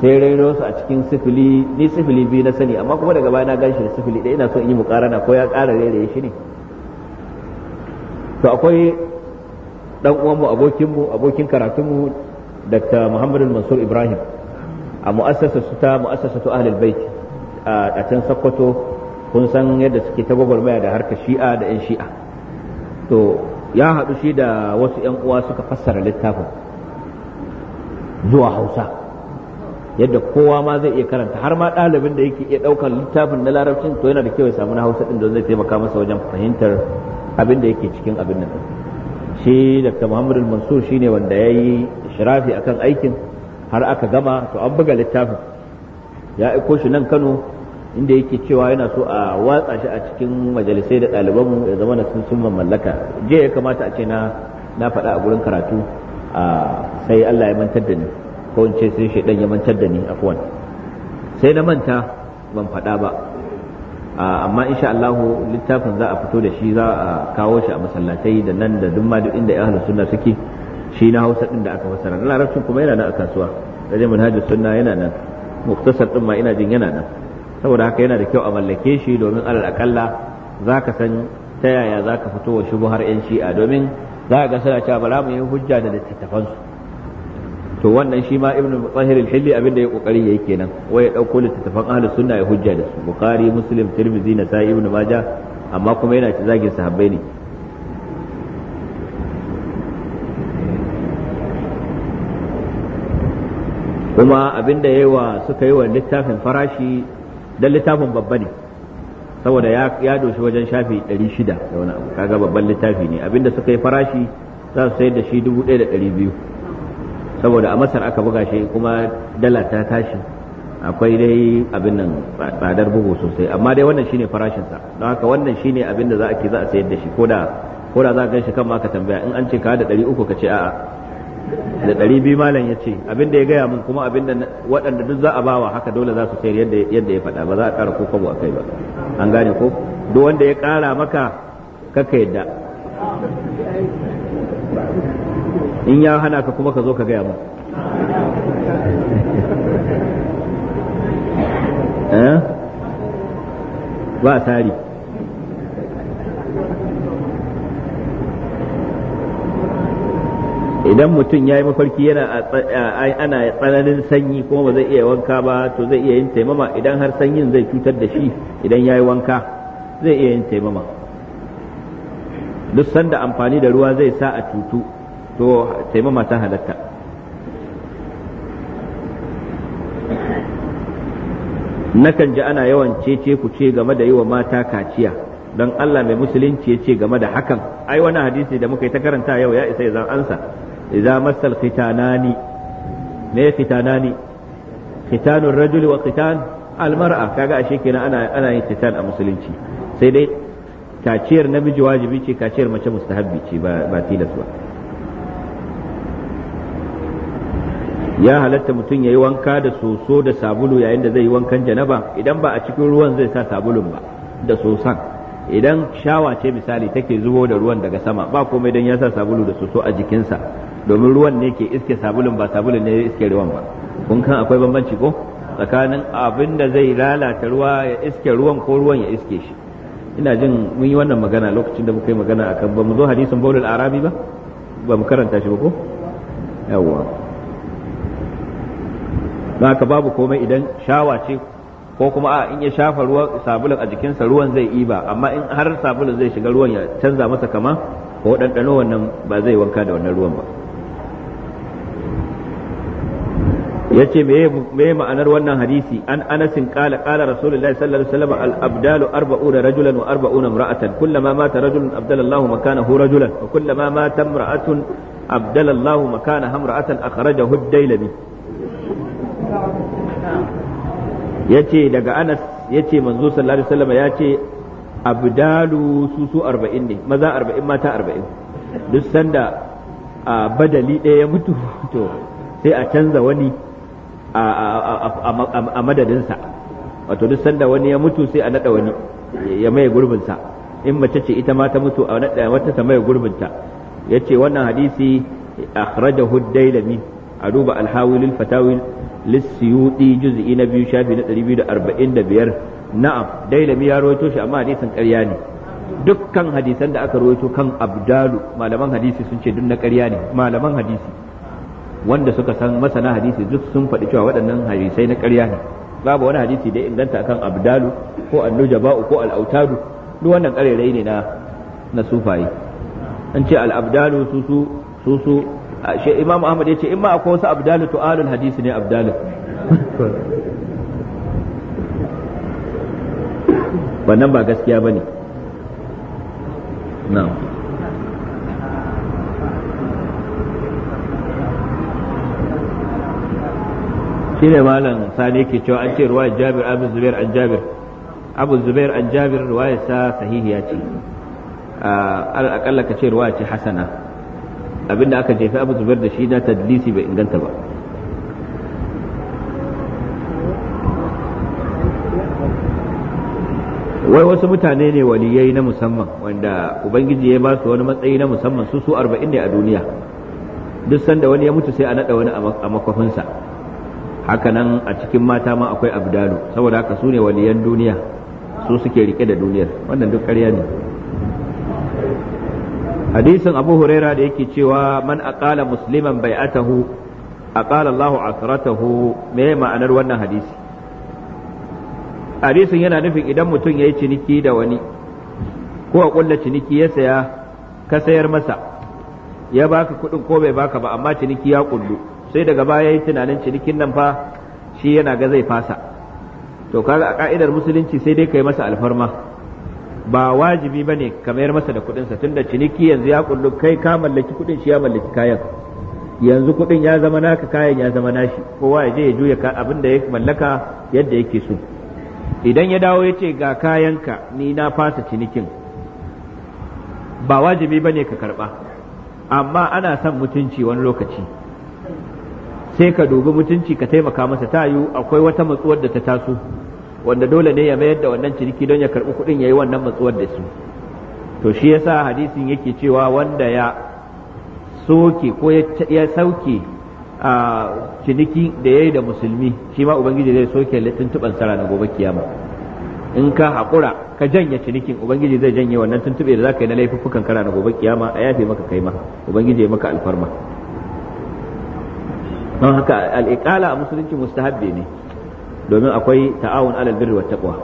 Speaker 2: sai rairo su a cikin sifili ni sifili biyu na sani amma kuma daga baya na gan shi da sifili ɗaya ina so in yi mukarana ko ya ƙara rairaye shi ne to akwai ɗan uwanmu abokinmu abokin karatunmu Dr. Muhammadu Mansur Ibrahim a mu'assasa su ta mu'assasa su ahalil bait a can Sokoto kun san yadda suke ta gwagwarmaya da harkar shi'a da yan shi'a to ya haɗu shi da wasu 'yan uwa suka fassara littafin zuwa hausa yadda kowa ma zai iya karanta har ma ɗalibin da yake iya ɗaukar littafin na larabcin to yana da kyau ya samu na hausa ɗin don zai taimaka masa wajen fahimtar abin da yake cikin abin nan shi dr muhammadu mansur shine wanda ya yi shirafi akan aikin har aka gama to an buga littafin ya aiko shi nan kano inda yake cewa yana so a watsa shi a cikin majalisai da ɗalibanmu ya zama na sun mallaka je ya kamata a ce na na faɗa a gurin karatu a sai Allah ya mantar da ni ko in ce sai shaidan ya mantar da ni afwan sai na manta ban faɗa ba amma insha Allah littafin za a fito da shi za a kawo shi a masallatai da nan da duk ma duk inda ahlus sunna suke shi na Hausa din da aka fassara larabcin kuma yana nan a kasuwa da manhajar sunna yana nan muktasar din ma ina jin yana nan saboda haka yana da kyau a mallake shi domin alal akalla za ka san ta yaya za ka fito wa shubuhar 'yan shi'a domin za ga suna cewa ba mu yi hujja da littattafansu to wannan shi ma ibnu tsahir al-hilli abinda ya kokari yayi kenan wai ya dauko littattafan ahlus sunna ya hujja da su bukhari muslim tirmidhi nasa'i ibnu majah amma kuma yana ci zagin sahabbai ne kuma abinda yayi wa suka yi wa littafin farashi dan littafin babba ne saboda ya ya doshi wajen shafi 600 da wani abu kaga babban littafi ne abinda suka yi farashi za su sayar da shi 1200 saboda a masar aka buga shi kuma dala ta tashi akwai dai abin nan tsadar bugu sosai amma dai wannan shine farashinsa don haka wannan shine abin za a ke za a sayar da shi ko da za a gan shi kan ma ka tambaya in an ce ka da 300 ka ce a'a da ɗari biyu malam ya ce abin da ya gaya mun kuma abin da waɗanda duk za a bawa haka dole za su sayar yadda ya faɗa ba za a ƙara ko kwabo a kai ba an gane ko duk wanda ya ƙara maka kaka yadda in ya hana ka kuma ka zo ka gaya mun eh? ba tari. idan mutum ya yi mafarki yana ana tsananin sanyi kuma ba zai iya wanka ba to zai iya yin taimama idan har sanyin zai cutar da shi idan ya yi wanka zai iya yin taimama duk sanda amfani da ruwa zai sa a cutu to taimama ta halatta nakan ji ana yawan cece ku ce game da yi wa mata kaciya don Allah mai musulunci ya ce game da hakan ai wani hadisi da muka yi ta karanta yau ya isa ya zan ansa idza massal khitanani me khitanani khitanur rajuli wa kaga ashe kenan ana ana yin khitan a musulunci sai dai kaciyar namiji wajibi ce kaciyar mace mustahabbi ce ba tilas ba ya halatta mutum ya yi wanka da soso da sabulu yayin da zai yi wankan janaba idan ba a cikin ruwan zai sa sabulun ba da sosan idan shawa ce misali take zubo da ruwan daga sama ba komai don ya sa sabulu da soso a jikinsa domin ruwan ne ke iske sabulun ba sabulun ne iske ruwan ba kun kan akwai bambanci ko tsakanin abin da zai lalata ruwa ya iske ruwan ko ruwan ya iske shi ina jin mun yi wannan magana lokacin da muka yi magana akan ba mu zo hadisin baulul arabi ba ba mu karanta shi ba ko yawwa don haka babu komai idan shawa ce ko kuma a in ya shafa ruwan sabulun a jikinsa ruwan zai iba amma in har sabulun zai shiga ruwan ya canza masa kama ko ɗanɗano wannan ba zai wanka da wannan ruwan ba yace me meye ma'anar wannan hadisi an anasin qala qala rasulullahi sallallahu alaihi wasallam al abdalu 40 rajulan wa 40 imra'atan kullama mata rajulun abdalallahu makanahu rajulan wa kullama mata imra'atun abdalallahu makanaha imra'atan akhrajahu ad-dailami yace daga Anas yace manzo sallallahu alaihi wasallam yace abdalu su su 40 ne maza 40 mata 40 duk sanda a badali ɗaya ya mutu to sai a canza wani a madadinsa wato duk sanda wani ya mutu sai a naɗa wani ya maye gurbinsa in mace ce ita ma ta mutu a nada wata ta maye gurbinta ya ce wannan hadisi akhrajahu dailami a duba alhawilil fatawil juz'i na biyu shafi na 245 na'am dailami ya rawaito shi amma hadisin ƙarya ne dukkan hadisan da aka rawaito kan abdalu malaman hadisi sun ce duk na ƙarya ne malaman hadisi wanda suka san masana hadisi duk sun faɗi cewa waɗannan hadisai na ƙarya ne babu wani hadisi da inganta akan abdalu ko annujaba'u ko al'autadu duk wannan ƙarerai ne na na sufaye an ce al'abdalu su su su su shi imam ahmad ya ce in ma akwai wasu abdalu to alul hadisi ne abdalu wannan ba gaskiya bane na'am shi ne malam sani ke cewa an ce ruwa jabir abu zubair an jabir abu zubair an jabir ruwayar sa sahihi ya ce al'akalla ka ce ruwa ce hasana abinda aka jefi abu zubair da shi na tadlisi bai inganta ba wai wasu mutane ne waliyai na musamman wanda ubangiji ya ba su wani matsayi na musamman su su arba'in ne a duniya duk sanda wani ya mutu sai a naɗa wani a makwafinsa hakanan a cikin mata ma akwai abdalu saboda haka su ne waliyan duniya su suke rike da duniyar wannan duk ƙarya ne hadisin abu huraira da yake cewa man aqala musliman bai'atahu aqala Allahu asratahu me ma'anar wannan hadisi hadisin yana nufin idan mutum ya yi ciniki da wani ko a kulla ciniki ya saya ka sayar masa ya baka kuɗin ko bai baka ba amma ciniki ya kullu sai daga baya yi tunanin cinikin nan fa shi yana ga zai fasa to kaga a ka'idar musulunci sai dai kai masa alfarma ba wajibi bane ka mayar masa da kuɗin sa tunda ciniki yanzu ya kullu kai ka mallaki kuɗin shi ya mallaki kayan yanzu kuɗin ya zama naka kayan ya zama nashi kowa ya je ya juya abin da ya mallaka yadda yake so idan ya dawo ya ce ga kayanka ni na fasa cinikin ba wajibi bane ka karba amma ana son mutunci wani lokaci sai ka dubi mutunci ka taimaka masa ta yiwu akwai wata matsuwar da ta taso wanda dole ne ya mayar da wannan ciniki don ya karbi kuɗin ya yi wannan matsuwar da su to shi yasa hadisin yake cewa wanda ya soke ko ya sauke a ciniki da ya yi da musulmi shi ma ubangiji zai soke tuntuɓar sara na gobe kiyama in ka haƙura ka janye cinikin ubangiji zai janye wannan tuntuɓe da za ka yi na laifuffukan kara na gobe kiyama a yafe maka kai ubangiji ya maka alfarma don haka al'iƙala a musulunci mustahabbi ne domin akwai ta'awun alal birri wat taqwa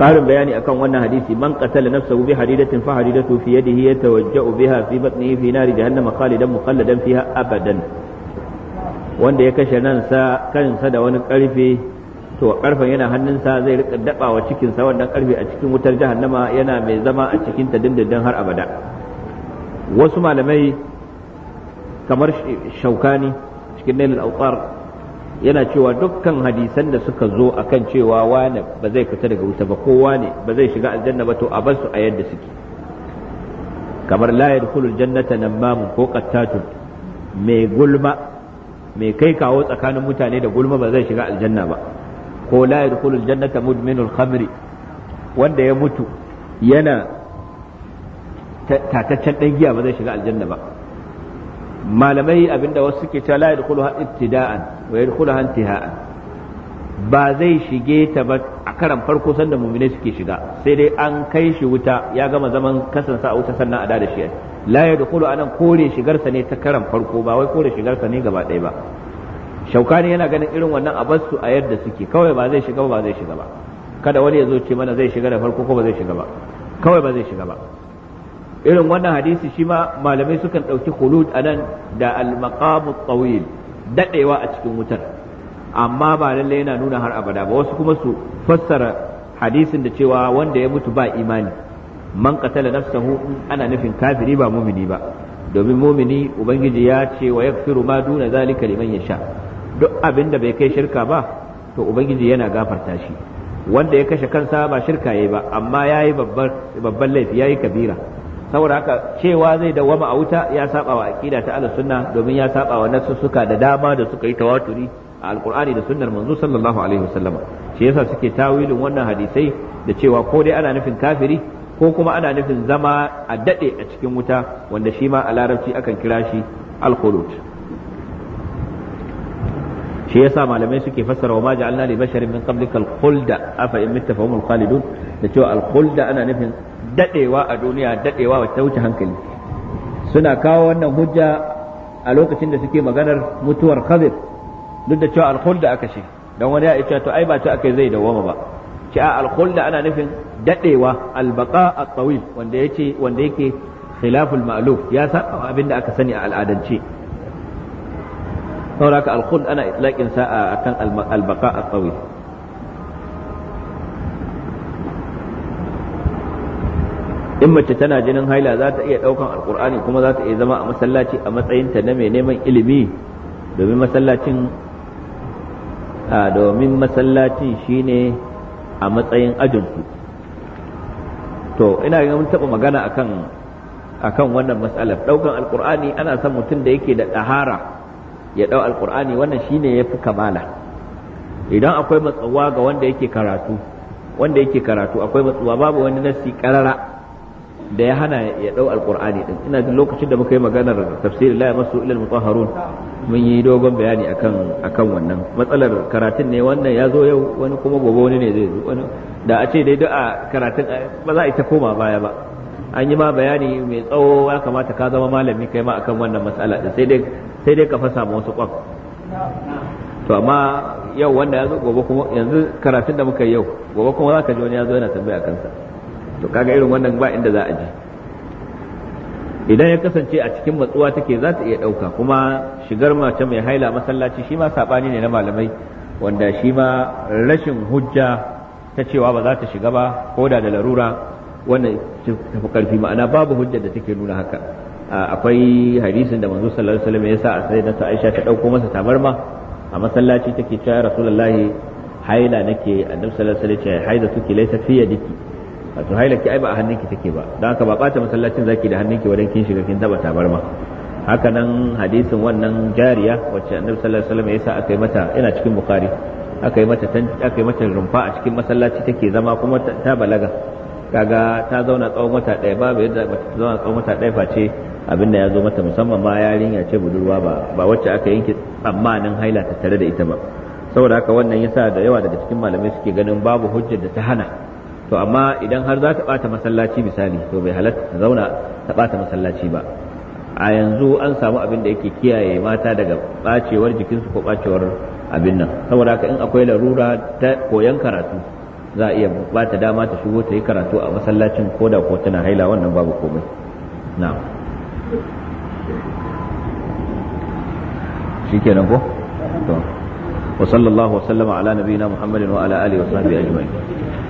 Speaker 2: قارن بياني أكون وانا حديثي من قتل نفسه بحديدة فحديدته في يده يتوجأ بها في بطنه في نار جهنم خالدا مخلدا فيها أبدا wanda ya kashe nan kansa da wani ƙarfe to karfen yana hannunsa zai rika dabawa cikinsa wannan karfe a cikin wutar jahannama yana mai zama a cikin ta dindindin har abada wasu malamai kamar shaukani cikin nailul awqar yana cewa dukkan hadisan da suka zo akan cewa wani ba zai fita daga wuta ba ko wani ba zai shiga aljanna ba to a bar su a yadda suke kamar la yadkhulu aljannata namamun ko qattatun mai gulma mai kai kawo tsakanin mutane da gulma ba zai shiga aljanna ba ko la yadkhulul jannata mudminul khamri wanda ya mutu yana tataccen dan giya ba zai shiga aljanna ba malamai abinda wasu suke cewa la yadkhulu ibtida'an wa yadkhulu intiha'an ba zai shige ta ba a karan farko sanda mu'mine suke shiga sai dai an kai shi wuta ya gama zaman kasansa a wuta sannan a da shi la yadkhulu anan kore shigarsa ne ta karan farko ba wai kore shigarsa ne gaba ɗaya ba shaukani yana ganin irin wannan a basu a yadda suke kawai ba zai shiga ba zai shiga ba kada wani ya zo ce mana zai shiga da farko ko ba zai shiga ba kawai ba zai shiga ba irin wannan hadisi shi ma malamai sukan ɗauki a nan da al-maqamu daɗewa a cikin wutar amma ba lallai yana nuna har abada ba wasu kuma su fassara hadisin da cewa wanda ya mutu ba imani man qatala nafsahu ana nufin kafiri ba mumini ba domin mumini ubangiji ya ce wa yaghfiru ma duna zalika liman yasha duk abin da bai kai shirka ba to ubangiji yana gafarta shi wanda ya kashe kansa ba shirka yayi ba amma yayi babban laifi yayi kabira saboda haka cewa zai dawama a wuta ya saba wa aqida ta ala sunna domin ya saba wa suka da dama da suka yi tawaturi a alqur'ani da sunnar manzo sallallahu alaihi wasallam shi yasa suke tawilin wannan hadisai da cewa ko dai ana nufin kafiri ko kuma ana nufin zama a dade a cikin wuta wanda shi ma a larabci akan kira shi al shi yasa malamai suke fassara wa ma ja'alna li basharin min qablika al-khulda afa in mitta fa humul khalidun da cewa al-khulda ana nufin dadewa a duniya dadewa wacce wuce hankali suna kawo wannan hujja a lokacin da suke maganar mutuwar khadir duk da cewa al-khulda aka ce dan wani ya ce to ai ba ta akai zai dawoma ba ce a al-khulda ana nufin dadewa al-baqa at-tawil wanda yace wanda yake khilaful ma'luf ya saba abinda aka sani a al'adance saboda al-khuld ana itlaqin sa akan al-baqa at-tawil in mace tana jinin haila za ta iya ɗaukan alkur'ani kuma za ta iya zama a masallaci a matsayinta na mai neman ilimi domin masallacin a domin masallacin shine a matsayin ajinku to ina ga mun taba magana akan akan wannan matsalar ɗaukan alkur'ani ana son mutum da yake da ɗahara ya ɗau alƙur'ani wannan shi ne ya fi kamala idan akwai matsuwa ga wanda yake karatu wanda yake karatu akwai matsuwa babu wani nassi karara da ya hana ya ɗau alƙur'ani ɗin ina jin lokacin da muka yi maganar tafsirin la yamassu illa almutahharun mun yi dogon bayani akan akan wannan matsalar karatun ne wannan ya zo yau wani kuma gobe wani ne zai zo wani da a ce dai duk a karatun ba za a ita koma baya ba an yi ma bayani mai tsawo ya kamata ka zama malami kai ma akan wannan matsala da sai dai sai dai ka fasa ma wasu kwan to amma yau wanda ya zo gobe kuma yanzu karatun da muka yi yau gobe kuma za ka ji wani ya zo yana tambaya kansa to kaga irin wannan ba inda za a ji idan ya kasance a cikin matsuwa take za ta iya ɗauka kuma shigar mace mai haila masallaci shi ma saɓani ne na malamai wanda shi ma rashin hujja ta cewa ba za ta shiga ba ko da da larura wannan tafi ƙarfi ma'ana babu hujjar da take nuna haka akwai hadisin da manzo sallallahu alaihi wasallam ya sa a sai da Aisha ta dauko masa tabarma a masallaci take cewa ya rasulullahi haila nake annabi sallallahu alaihi wasallam ya haida tuki laysa fi yadiki wato haila ki ai ba a hannunki take ba dan haka ba bata masallacin zaki da hannunki wadan kin shiga kin taba tabarma haka nan hadisin wannan jariya wacce annabi sallallahu alaihi wasallam ya sa aka yi mata ina cikin bukhari akai mata aka yi mata rumfa a cikin masallaci take zama kuma ta balaga kaga ta zauna tsawon wata ɗaya ba bai yadda ta zauna tsawon wata ɗaya face abinda ya zo mata musamman ma yarinya ce budurwa ba ba wacce aka yanke tsammanin haila ta tare da ita ba saboda haka wannan yasa da yawa daga cikin malamai suke ganin babu hujjar da ta hana to amma idan har za ta bata masallaci misali to bai halatta ta zauna ta bata masallaci ba a yanzu an samu abin da yake kiyaye mata daga bacewar jikinsu ko bacewar abin nan saboda haka in akwai larura ta koyan karatu za a iya bata dama ta shigo ta yi karatu a masallacin ko da ko tana haila wannan babu komai na'am shikenan ko to wa sallallahu wa ala nabiyina muhammadin wa ala alihi wa sahbihi
Speaker 1: ajma'in